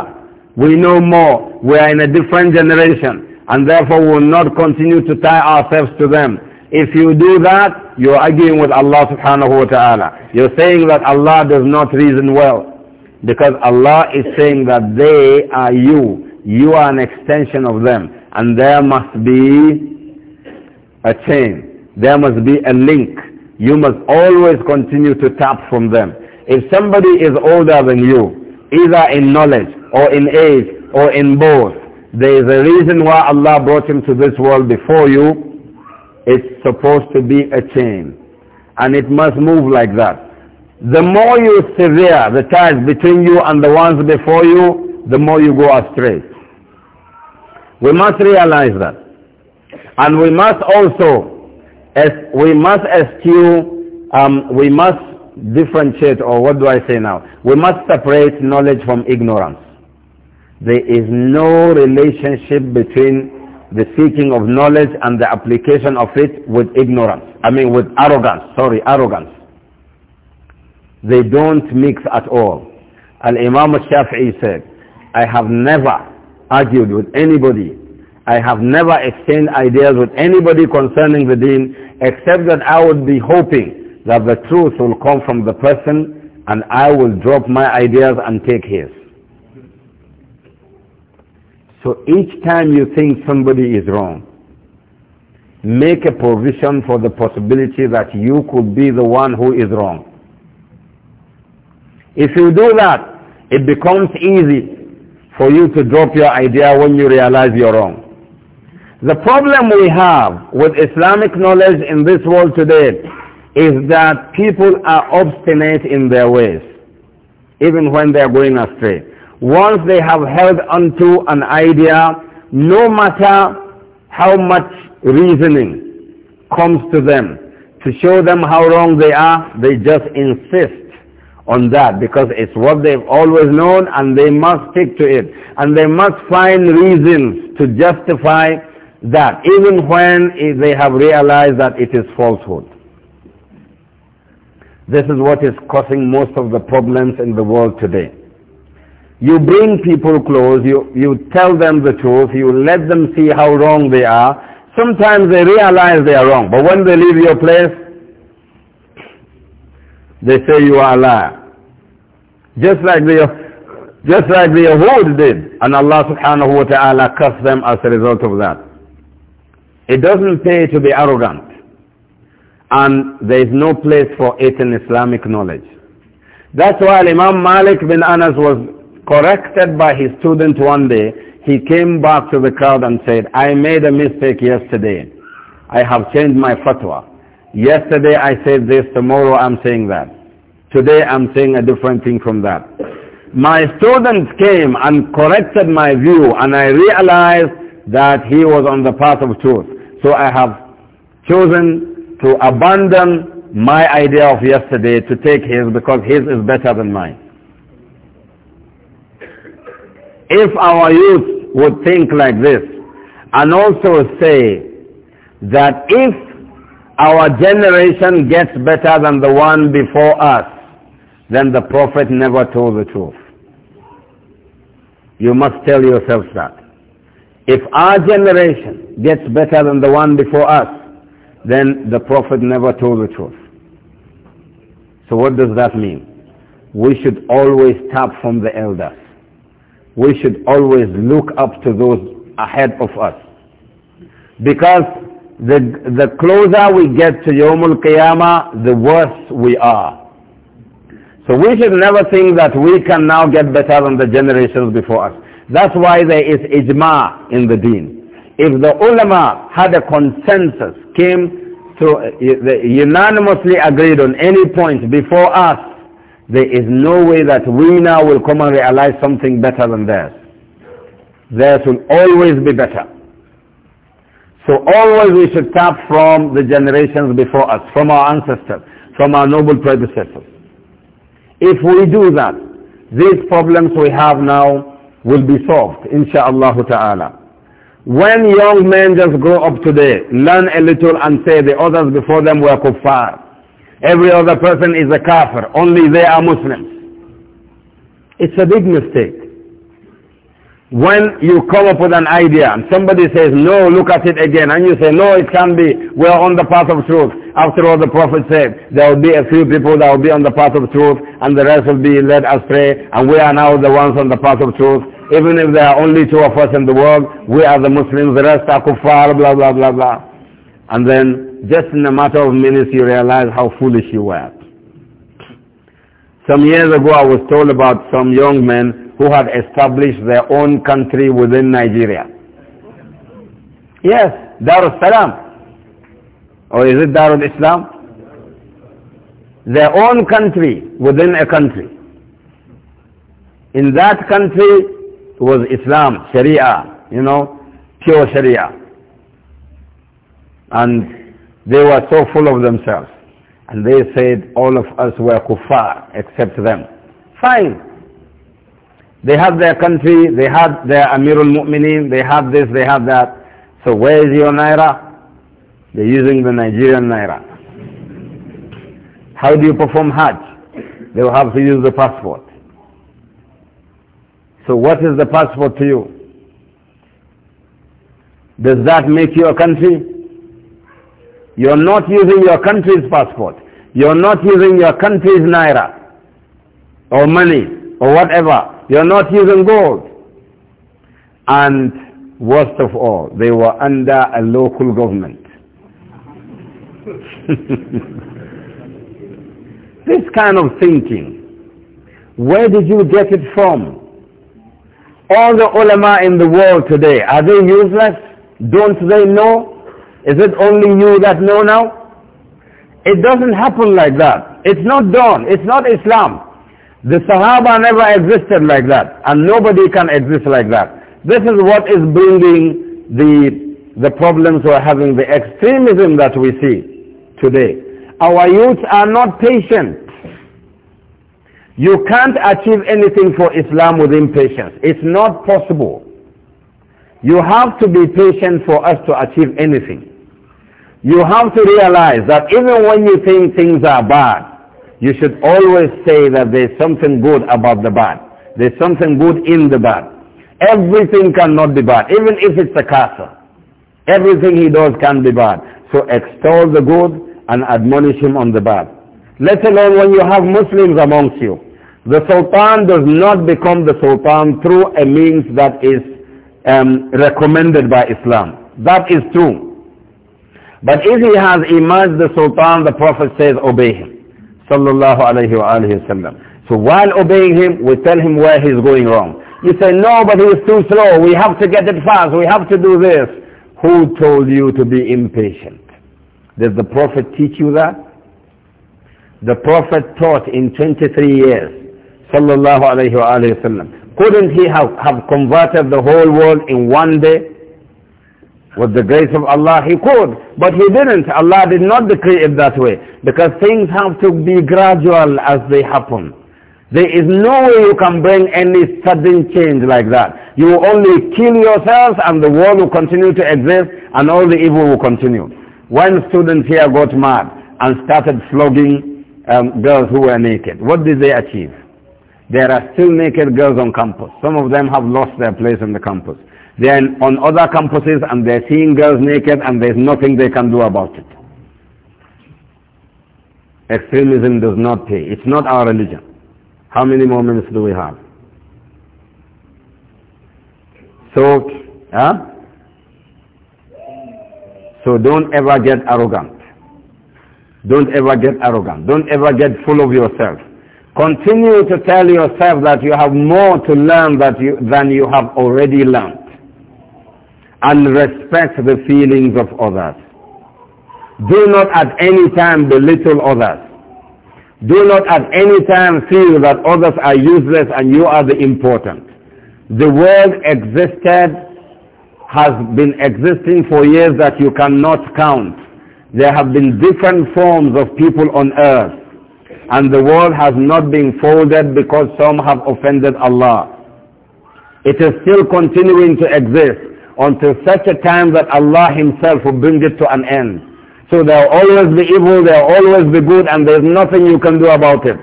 we know more, we are in a different generation, and therefore we will not continue to tie ourselves to them. If you do that, you're arguing with Allah subhanahu wa ta'ala. You're saying that Allah does not reason well. Because Allah is saying that they are you you are an extension of them. And there must be a chain. There must be a link. You must always continue to tap from them. If somebody is older than you, either in knowledge or in age or in both, there is a reason why Allah brought him to this world before you. It's supposed to be a chain. And it must move like that. The more you sever the ties between you and the ones before you, the more you go astray. We must realize that. And we must also, as we must eschew, um, we must differentiate, or what do I say now? We must separate knowledge from ignorance. There is no relationship between the seeking of knowledge and the application of it with ignorance. I mean with arrogance, sorry, arrogance. They don't mix at all. Al-Imam al-Shafi'i said, I have never argued with anybody. I have never exchanged ideas with anybody concerning the deen except that I would be hoping that the truth will come from the person and I will drop my ideas and take his. So each time you think somebody is wrong, make a provision for the possibility that you could be the one who is wrong. If you do that, it becomes easy for you to drop your idea when you realize you're wrong. The problem we have with Islamic knowledge in this world today is that people are obstinate in their ways, even when they're going astray. Once they have held onto an idea, no matter how much reasoning comes to them to show them how wrong they are, they just insist on that because it's what they've always known and they must stick to it. And they must find reasons to justify that even when they have realized that it is falsehood. This is what is causing most of the problems in the world today. You bring people close, you, you tell them the truth, you let them see how wrong they are. Sometimes they realize they are wrong, but when they leave your place, they say you are a liar. Just like the just like the Yahud did, and Allah subhanahu wa ta'ala cursed them as a result of that. It doesn't pay to be arrogant. And there is no place for it in Islamic knowledge. That's why Imam Malik bin Anas was corrected by his student one day. He came back to the crowd and said, I made a mistake yesterday. I have changed my fatwa. Yesterday I said this, tomorrow I'm saying that. Today I'm saying a different thing from that. My students came and corrected my view and I realized that he was on the path of truth. So I have chosen to abandon my idea of yesterday to take his because his is better than mine. If our youth would think like this and also say that if our generation gets better than the one before us, then the Prophet never told the truth. You must tell yourselves that. If our generation gets better than the one before us, then the Prophet never told the truth. So what does that mean? We should always tap from the elders. We should always look up to those ahead of us. Because the, the closer we get to Yawmul Qiyamah, the worse we are. So we should never think that we can now get better than the generations before us. That's why there is ijma in the deen. If the ulama had a consensus, came to uh, unanimously agreed on any point before us, there is no way that we now will come and realize something better than theirs. Theirs will always be better. So always we should tap from the generations before us, from our ancestors, from our noble predecessors. If we do that, these problems we have now will be solved, insha'Allah ta'ala. When young men just grow up today, learn a little and say the others before them were kuffar. Every other person is a kafir, only they are Muslims. It's a big mistake. When you come up with an idea and somebody says, no, look at it again, and you say, no, it can't be, we're on the path of truth. After all, the Prophet said, there will be a few people that will be on the path of truth, and the rest will be led astray, and we are now the ones on the path of truth. Even if there are only two of us in the world, we are the Muslims, the rest are kuffar, blah, blah, blah, blah. And then, just in a matter of minutes, you realize how foolish you were. Some years ago, I was told about some young men who had established their own country within Nigeria. Yes, Darul Salam. Or is it Darul Islam? Their own country within a country. In that country was Islam, Sharia, you know, pure Sharia. And they were so full of themselves. And they said all of us were kuffar except them. Fine. They have their country, they have their Amirul Mu'mineen, they have this, they have that. So where is your Naira? They're using the Nigerian Naira. How do you perform Hajj? They will have to use the passport. So what is the passport to you? Does that make you a country? You're not using your country's passport. You're not using your country's naira or money or whatever. They are not using gold. And worst of all, they were under a local government. this kind of thinking, where did you get it from? All the ulama in the world today, are they useless? Don't they know? Is it only you that know now? It doesn't happen like that. It's not done. It's not Islam. The Sahaba never existed like that, and nobody can exist like that. This is what is bringing the, the problems we're having, the extremism that we see today. Our youths are not patient. You can't achieve anything for Islam with impatience. It's not possible. You have to be patient for us to achieve anything. You have to realize that even when you think things are bad, you should always say that there is something good about the bad. There is something good in the bad. Everything cannot be bad, even if it's a castle. Everything he does can be bad. So extol the good and admonish him on the bad. Let alone when you have Muslims amongst you. The Sultan does not become the Sultan through a means that is um, recommended by Islam. That is true. But if he has emerged the Sultan, the Prophet says, obey him sallallahu alayhi wa sallam. So while obeying him, we tell him where he's going wrong. You say, no, but he is too slow. We have to get it fast. We have to do this. Who told you to be impatient? Did the Prophet teach you that? The Prophet taught in 23 years, sallallahu alayhi wa sallam. Couldn't he have, have converted the whole world in one day? With the grace of Allah, he could. But he didn't. Allah did not decree it that way. Because things have to be gradual as they happen. There is no way you can bring any sudden change like that. You will only kill yourselves and the world will continue to exist and all the evil will continue. When students here got mad and started flogging um, girls who were naked, what did they achieve? There are still naked girls on campus. Some of them have lost their place on the campus. They're on other campuses and they're seeing girls naked and there's nothing they can do about it. Extremism does not pay. It's not our religion. How many more minutes do we have? So, huh? So don't ever get arrogant. Don't ever get arrogant. Don't ever get full of yourself. Continue to tell yourself that you have more to learn that you, than you have already learned and respect the feelings of others. Do not at any time belittle others. Do not at any time feel that others are useless and you are the important. The world existed, has been existing for years that you cannot count. There have been different forms of people on earth and the world has not been folded because some have offended Allah. It is still continuing to exist until such a time that Allah himself will bring it to an end. So there will always be evil, there will always be good, and there's nothing you can do about it.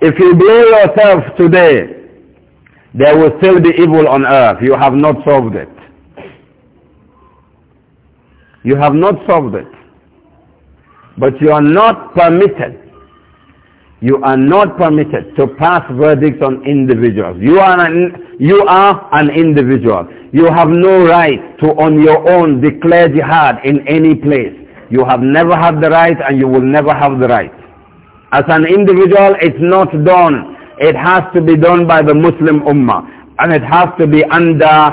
If you blame yourself today, there will still be evil on earth. You have not solved it. You have not solved it. But you are not permitted you are not permitted to pass verdicts on individuals. You are an, you are an individual. You have no right to on your own declare jihad in any place. You have never had the right and you will never have the right. As an individual, it's not done. It has to be done by the Muslim Ummah. And it has to be under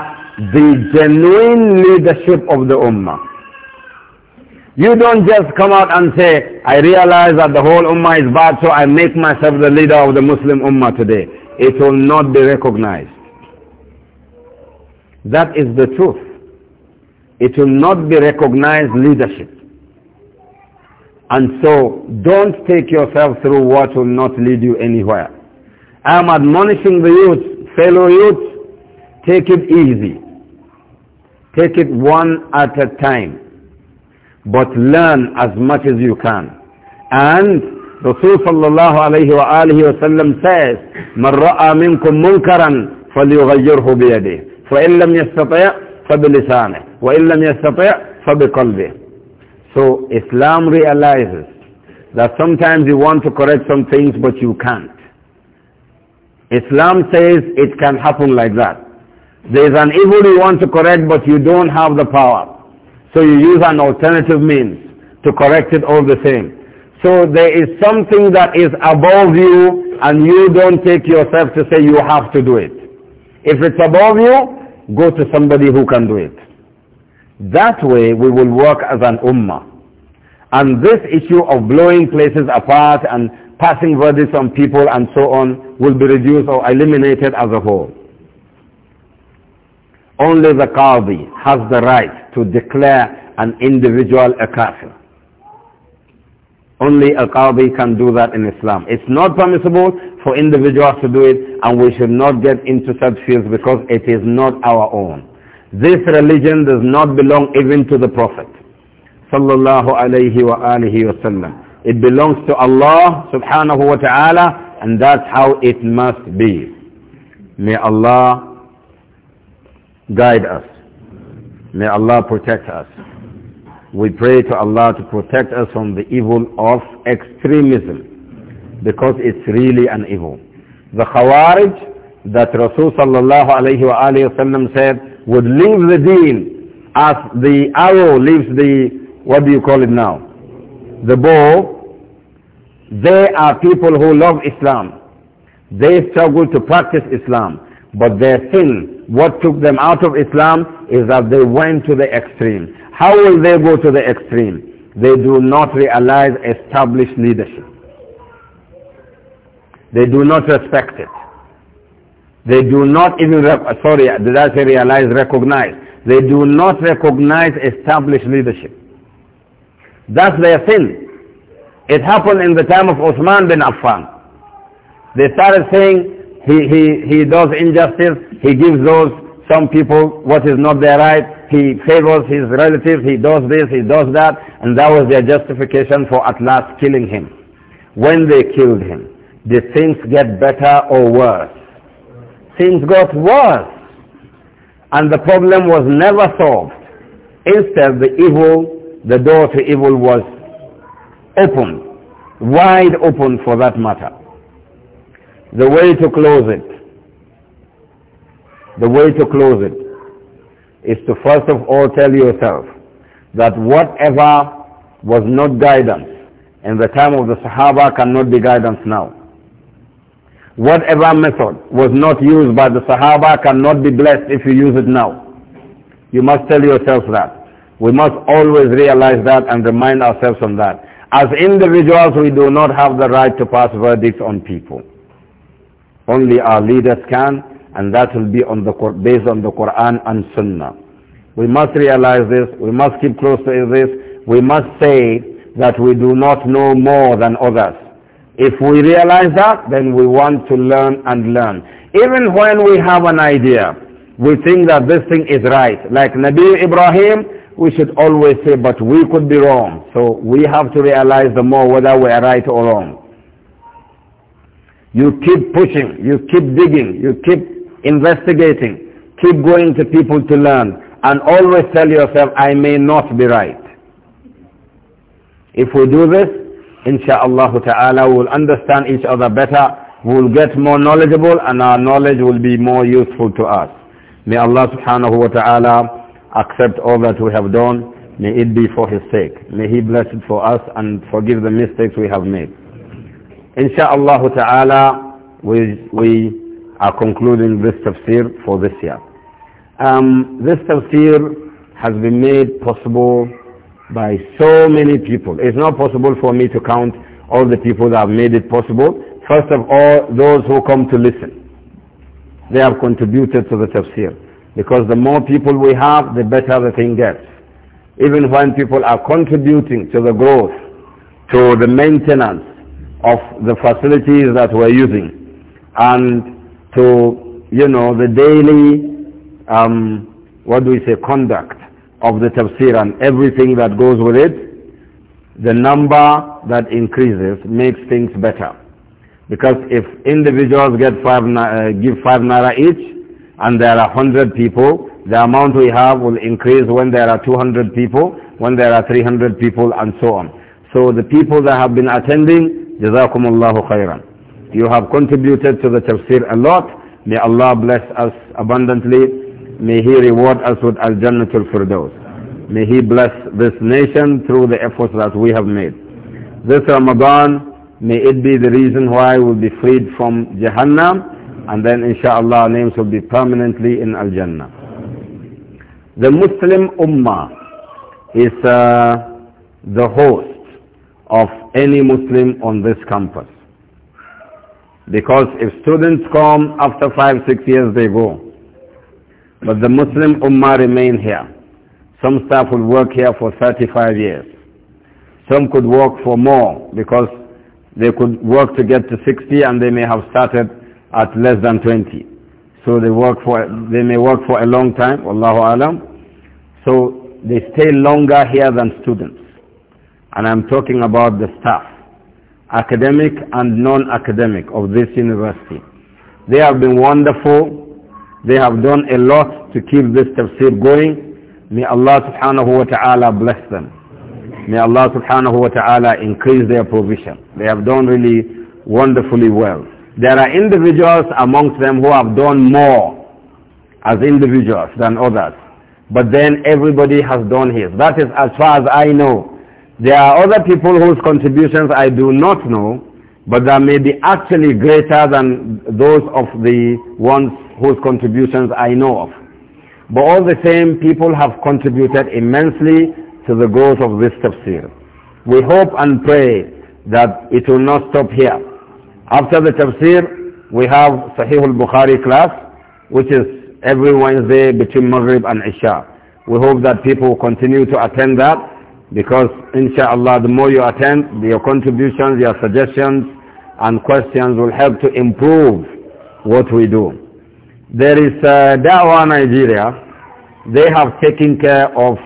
the genuine leadership of the Ummah. You don't just come out and say, I realize that the whole ummah is bad, so I make myself the leader of the Muslim ummah today. It will not be recognized. That is the truth. It will not be recognized leadership. And so, don't take yourself through what will not lead you anywhere. I am admonishing the youth, fellow youth, take it easy. Take it one at a time but learn as much as you can. And Rasul sallallahu alayhi wa alihi wa sallam says, من رأى منكم منكرا فليغيره بيده فإن لم يستطع فبلسانه وإن لم يستطع فبقلبه. So Islam realizes that sometimes you want to correct some things but you can't. Islam says it can happen like that. There is an evil you want to correct but you don't have the power. So you use an alternative means to correct it all the same. So there is something that is above you and you don't take yourself to say you have to do it. If it's above you, go to somebody who can do it. That way we will work as an ummah. And this issue of blowing places apart and passing verdicts on people and so on will be reduced or eliminated as a whole. Only the Qadi has the right to declare an individual a kafir. Only a Qadi can do that in Islam. It's not permissible for individuals to do it and we should not get into such fields because it is not our own. This religion does not belong even to the Prophet. Sallallahu alayhi wa alihi wa It belongs to Allah subhanahu wa ta'ala and that's how it must be. May Allah guide us. May Allah protect us. We pray to Allah to protect us from the evil of extremism because it's really an evil. The Khawarij that Rasulullah sallallahu alayhi wa alayhi said would leave the deen as the arrow leaves the, what do you call it now? The bow. They are people who love Islam. They struggle to practice Islam, but their sin what took them out of Islam is that they went to the extreme. How will they go to the extreme? They do not realize established leadership. They do not respect it. They do not even, sorry, did I say realize, recognize? They do not recognize established leadership. That's their sin. It happened in the time of Osman bin Affan. They started saying, he, he, he does injustice. He gives those some people what is not their right. He favors his relatives. He does this. He does that. And that was their justification for at last killing him. When they killed him, did things get better or worse? Things got worse. And the problem was never solved. Instead, the evil, the door to evil was open, wide open for that matter. The way to close it, the way to close it is to first of all tell yourself that whatever was not guidance in the time of the Sahaba cannot be guidance now. Whatever method was not used by the Sahaba cannot be blessed if you use it now. You must tell yourself that. We must always realize that and remind ourselves on that. As individuals, we do not have the right to pass verdicts on people. Only our leaders can, and that will be on the, based on the Quran and Sunnah. We must realize this. We must keep close to this. We must say that we do not know more than others. If we realize that, then we want to learn and learn. Even when we have an idea, we think that this thing is right. Like Nabi Ibrahim, we should always say, but we could be wrong. So we have to realize the more whether we are right or wrong. You keep pushing, you keep digging, you keep investigating, keep going to people to learn, and always tell yourself, I may not be right. If we do this, insha'Allah ta'ala, we will understand each other better, we will get more knowledgeable, and our knowledge will be more useful to us. May Allah subhanahu wa ta'ala accept all that we have done. May it be for his sake. May he bless it for us and forgive the mistakes we have made. Insha'Allah ta'ala, we, we are concluding this tafsir for this year. Um, this tafsir has been made possible by so many people. It's not possible for me to count all the people that have made it possible. First of all, those who come to listen. They have contributed to the tafsir. Because the more people we have, the better the thing gets. Even when people are contributing to the growth, to the maintenance, of the facilities that we're using and to, you know, the daily, um, what do we say, conduct of the tafsir and everything that goes with it, the number that increases makes things better. Because if individuals get five, uh, give five naira each, and there are 100 people, the amount we have will increase when there are 200 people, when there are 300 people, and so on. So the people that have been attending Jazakumullahu khairan. You have contributed to the tafsir a lot. May Allah bless us abundantly. May He reward us with Al-Jannatul Firdaus. May He bless this nation through the efforts that we have made. This Ramadan, may it be the reason why we'll be freed from Jahannam and then inshallah our names will be permanently in Al-Jannah. The Muslim Ummah is uh, the host of any Muslim on this campus. Because if students come after five, six years, they go. But the Muslim Ummah remain here. Some staff will work here for 35 years. Some could work for more because they could work to get to 60 and they may have started at less than 20. So they work for, they may work for a long time, Allahu Alam. So they stay longer here than students and I'm talking about the staff, academic and non-academic of this university. They have been wonderful. They have done a lot to keep this tafsir going. May Allah subhanahu wa ta'ala bless them. May Allah subhanahu wa ta'ala increase their provision. They have done really wonderfully well. There are individuals amongst them who have done more as individuals than others. But then everybody has done his. That is as far as I know. There are other people whose contributions I do not know, but they may be actually greater than those of the ones whose contributions I know of. But all the same, people have contributed immensely to the growth of this tafsir. We hope and pray that it will not stop here. After the tafsir, we have Sahih al-Bukhari class, which is every Wednesday between Maghrib and Isha. We hope that people continue to attend that because inshallah, the more you attend, your contributions, your suggestions and questions will help to improve what we do. There is uh, Dawah Nigeria. They have taken care of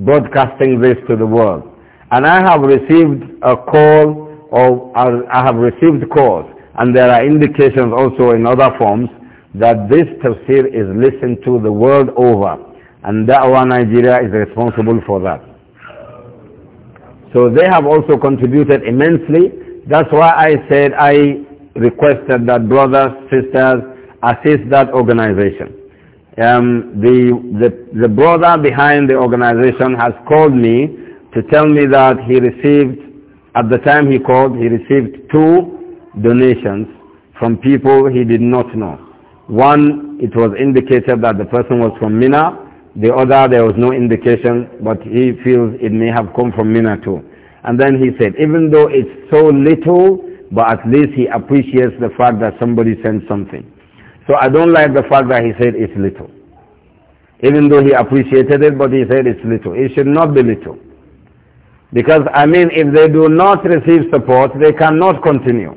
broadcasting this to the world. And I have received a call or uh, I have received calls and there are indications also in other forms that this tafsir is listened to the world over and Dawah Nigeria is responsible for that. So they have also contributed immensely. That's why I said I requested that brothers, sisters, assist that organization. Um, the, the, the brother behind the organization has called me to tell me that he received, at the time he called, he received two donations from people he did not know. One, it was indicated that the person was from Mina, the other, there was no indication, but he feels it may have come from Mina too. And then he said, even though it's so little, but at least he appreciates the fact that somebody sent something. So I don't like the fact that he said it's little. Even though he appreciated it, but he said it's little. It should not be little. Because, I mean, if they do not receive support, they cannot continue.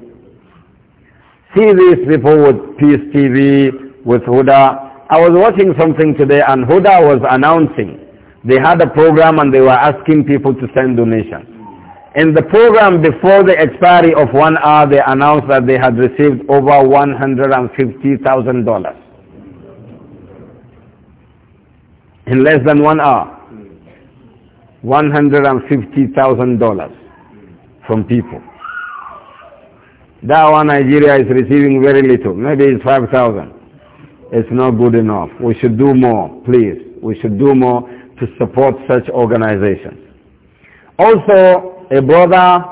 See these people with Peace TV, with Huda, I was watching something today and Huda was announcing. They had a program and they were asking people to send donations. In the program before the expiry of one hour, they announced that they had received over $150,000 in less than one hour. $150,000 from people. Dawa Nigeria is receiving very little. Maybe it's 5,000. It's not good enough. We should do more, please. We should do more to support such organizations. Also, a brother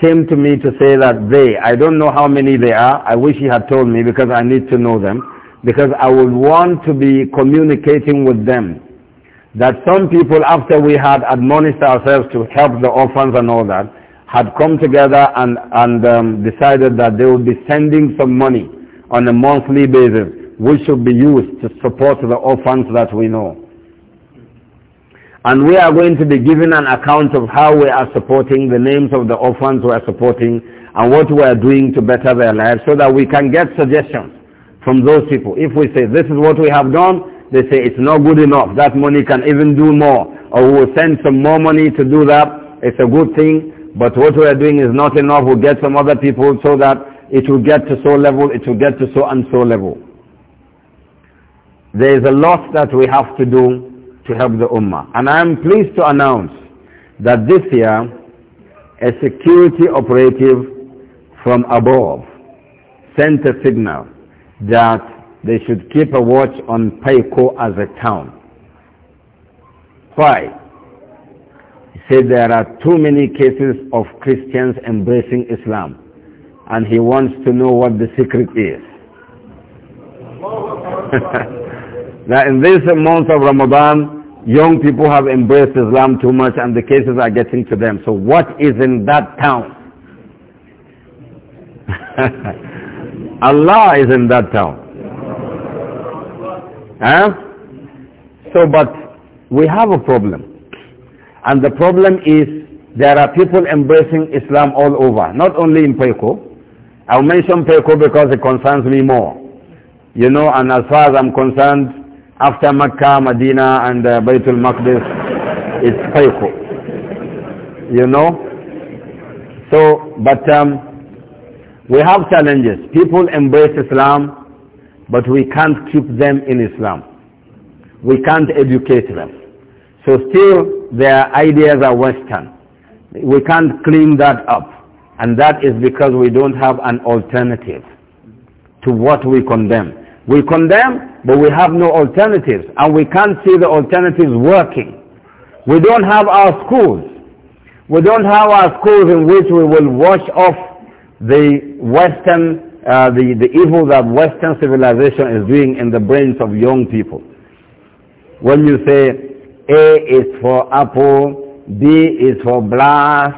came to me to say that they, I don't know how many they are. I wish he had told me because I need to know them. Because I would want to be communicating with them. That some people, after we had admonished ourselves to help the orphans and all that, had come together and, and um, decided that they would be sending some money on a monthly basis we should be used to support the orphans that we know. And we are going to be given an account of how we are supporting, the names of the orphans we are supporting, and what we are doing to better their lives so that we can get suggestions from those people. If we say, this is what we have done, they say, it's not good enough. That money can even do more. Or we will send some more money to do that. It's a good thing. But what we are doing is not enough. We'll get some other people so that it will get to so level, it will get to so and so level. There is a lot that we have to do to help the Ummah. And I am pleased to announce that this year, a security operative from above sent a signal that they should keep a watch on Paiko as a town. Why? He said there are too many cases of Christians embracing Islam and he wants to know what the secret is. That in this month of Ramadan, young people have embraced Islam too much and the cases are getting to them. So what is in that town? Allah is in that town. Huh? So, but we have a problem. And the problem is there are people embracing Islam all over, not only in Peko. I'll mention Peko because it concerns me more. You know, and as far as I'm concerned, after Mecca, Medina, and uh, Baytul Maqdis, it's Fayqu. You know? So, but um, we have challenges. People embrace Islam, but we can't keep them in Islam. We can't educate them. So still, their ideas are Western. We can't clean that up. And that is because we don't have an alternative to what we condemn. We condemn, but we have no alternatives, and we can't see the alternatives working. We don't have our schools. We don't have our schools in which we will wash off the Western, uh, the, the evil that Western civilization is doing in the brains of young people. When you say A is for apple, B is for blast,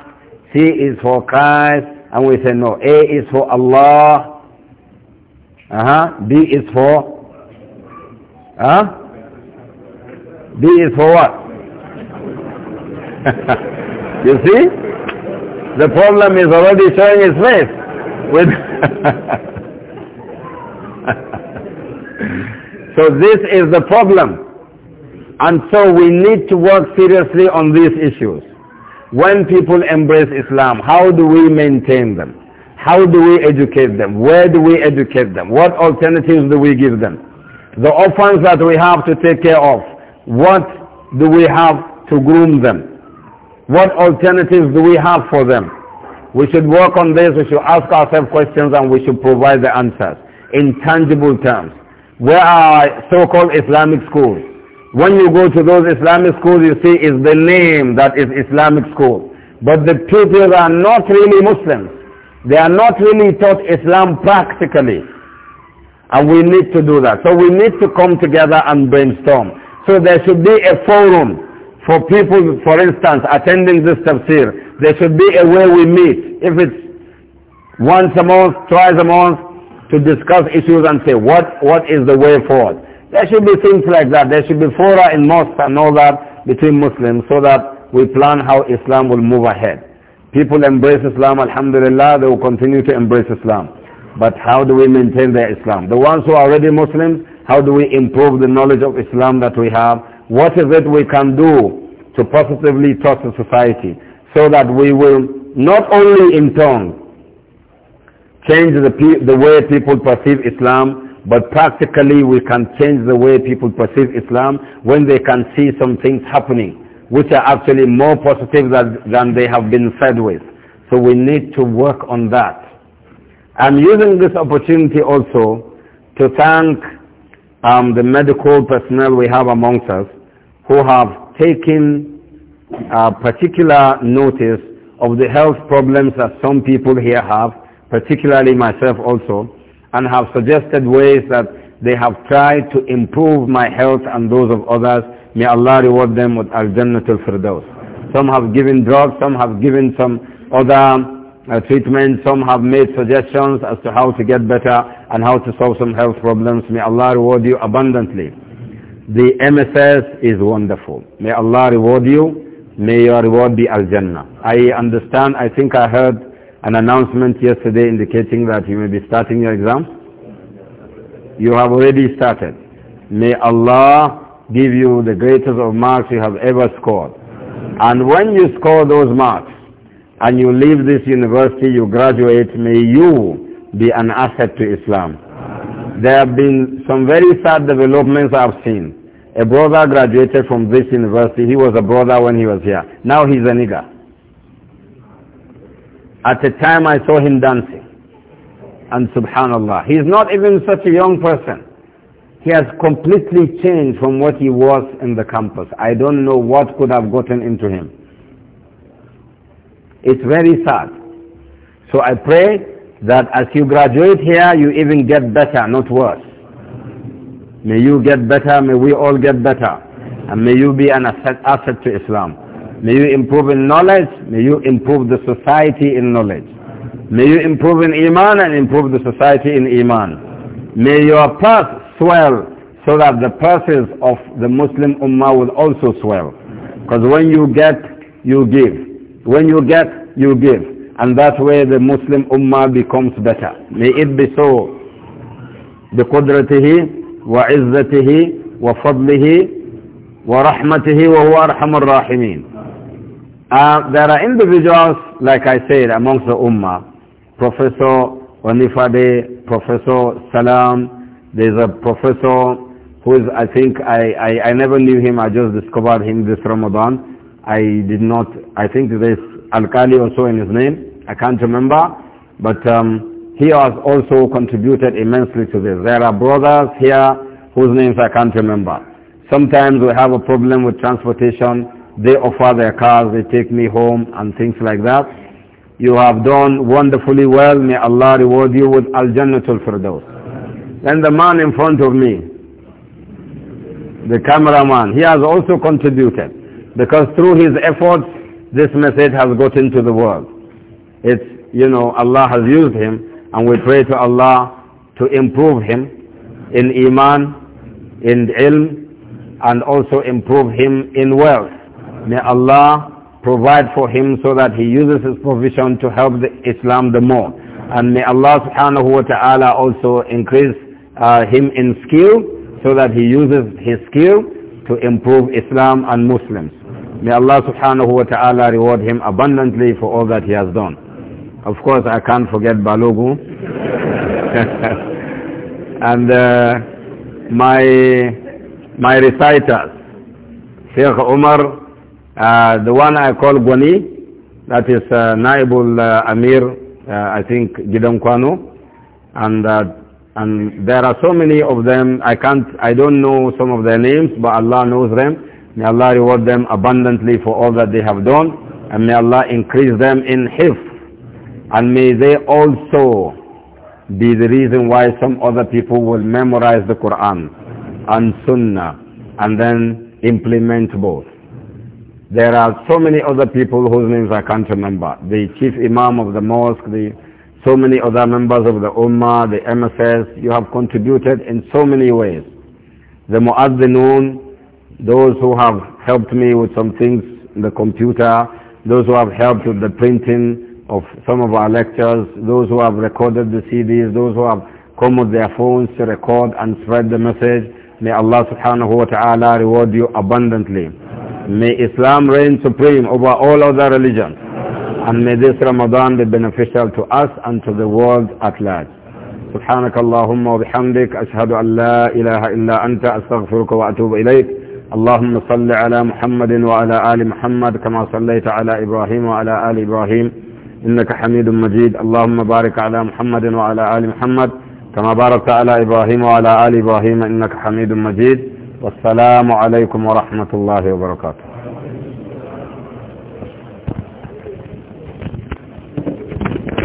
C is for Christ, and we say no, A is for Allah, uh-huh. B is for huh? B is for what? you see? The problem is already showing its face. With so this is the problem. And so we need to work seriously on these issues. When people embrace Islam, how do we maintain them? How do we educate them? Where do we educate them? What alternatives do we give them? The orphans that we have to take care of, what do we have to groom them? What alternatives do we have for them? We should work on this, we should ask ourselves questions and we should provide the answers in tangible terms. Where are so-called Islamic schools? When you go to those Islamic schools, you see it's the name that is Islamic school. But the pupils are not really Muslims. They are not really taught Islam practically. And we need to do that. So we need to come together and brainstorm. So there should be a forum for people, for instance, attending this tafsir. There should be a way we meet. If it's once a month, twice a month, to discuss issues and say, what, what is the way forward? There should be things like that. There should be fora in mosques and all that between Muslims so that we plan how Islam will move ahead. People embrace Islam, alhamdulillah, they will continue to embrace Islam. But how do we maintain their Islam? The ones who are already Muslims, how do we improve the knowledge of Islam that we have? What is it we can do to positively touch the society so that we will not only in tone change the, the way people perceive Islam, but practically we can change the way people perceive Islam when they can see some things happening which are actually more positive than, than they have been fed with. So we need to work on that. I'm using this opportunity also to thank um, the medical personnel we have amongst us who have taken uh, particular notice of the health problems that some people here have, particularly myself also, and have suggested ways that they have tried to improve my health and those of others May Allah reward them with Al-Jannatul Firdaus. Some have given drugs, some have given some other uh, treatments, some have made suggestions as to how to get better and how to solve some health problems. May Allah reward you abundantly. The MSS is wonderful. May Allah reward you. May your reward be Al-Jannah. I understand, I think I heard an announcement yesterday indicating that you may be starting your exam. You have already started. May Allah give you the greatest of marks you have ever scored. And when you score those marks and you leave this university, you graduate, may you be an asset to Islam. There have been some very sad developments I've seen. A brother graduated from this university. He was a brother when he was here. Now he's a nigger. At the time I saw him dancing. And subhanallah, he's not even such a young person. He has completely changed from what he was in the campus. I don't know what could have gotten into him. It's very sad. So I pray that as you graduate here, you even get better, not worse. May you get better, may we all get better. And may you be an asset, asset to Islam. May you improve in knowledge. May you improve the society in knowledge. May you improve in Iman and improve the society in Iman. May your path swell so that the purses of the Muslim Ummah will also swell. Because when you get, you give. When you get, you give. And that way the Muslim Ummah becomes better. May it be so. بقدرته وعزته وفضله ورحمته وهو أرحم الراحمين uh, there are individuals, like I said, amongst the Ummah, Professor Onifade, Professor Salam, there's a professor who is, I think, I, I, I never knew him. I just discovered him this Ramadan. I did not, I think there's al Kali also in his name. I can't remember. But um, he has also contributed immensely to this. There are brothers here whose names I can't remember. Sometimes we have a problem with transportation. They offer their cars, they take me home and things like that. You have done wonderfully well. May Allah reward you with Al-Jannatul Firdaus. Then the man in front of me, the cameraman, he has also contributed because through his efforts, this message has got into the world. It's, you know, Allah has used him and we pray to Allah to improve him in Iman, in Ilm, and also improve him in wealth. May Allah provide for him so that he uses his provision to help Islam the more. And may Allah subhanahu wa ta'ala also increase uh, him in skill so that he uses his skill to improve Islam and Muslims. May Allah subhanahu wa ta'ala reward him abundantly for all that he has done. Of course, I can't forget Balogu. and uh, my, my reciters, Sheikh Umar, uh, the one I call Gwani, that is uh, Naibul uh, Amir, uh, I think, Gidam Kwano, and uh, and there are so many of them, I can't, I don't know some of their names, but Allah knows them. May Allah reward them abundantly for all that they have done. And may Allah increase them in hif. And may they also be the reason why some other people will memorize the Quran and Sunnah and then implement both. There are so many other people whose names I can't remember. The chief imam of the mosque, the so many other members of the Ummah, the MFS, you have contributed in so many ways. The Mu'adhinun, those who have helped me with some things in the computer, those who have helped with the printing of some of our lectures, those who have recorded the CDs, those who have come with their phones to record and spread the message. May Allah subhanahu wa ta'ala reward you abundantly. May Islam reign supreme over all other religions. And may this Ramadan be beneficial to us and to the world at large. سبحانك اللهم وبحمدك أشهد أن لا إله إلا أنت أستغفرك وأتوب إليك اللهم صل على محمد وعلى آل محمد كما صليت على إبراهيم وعلى آل إبراهيم إنك حميد مجيد اللهم بارك على محمد وعلى آل محمد كما باركت على إبراهيم وعلى آل إبراهيم إنك حميد مجيد والسلام عليكم ورحمة الله وبركاته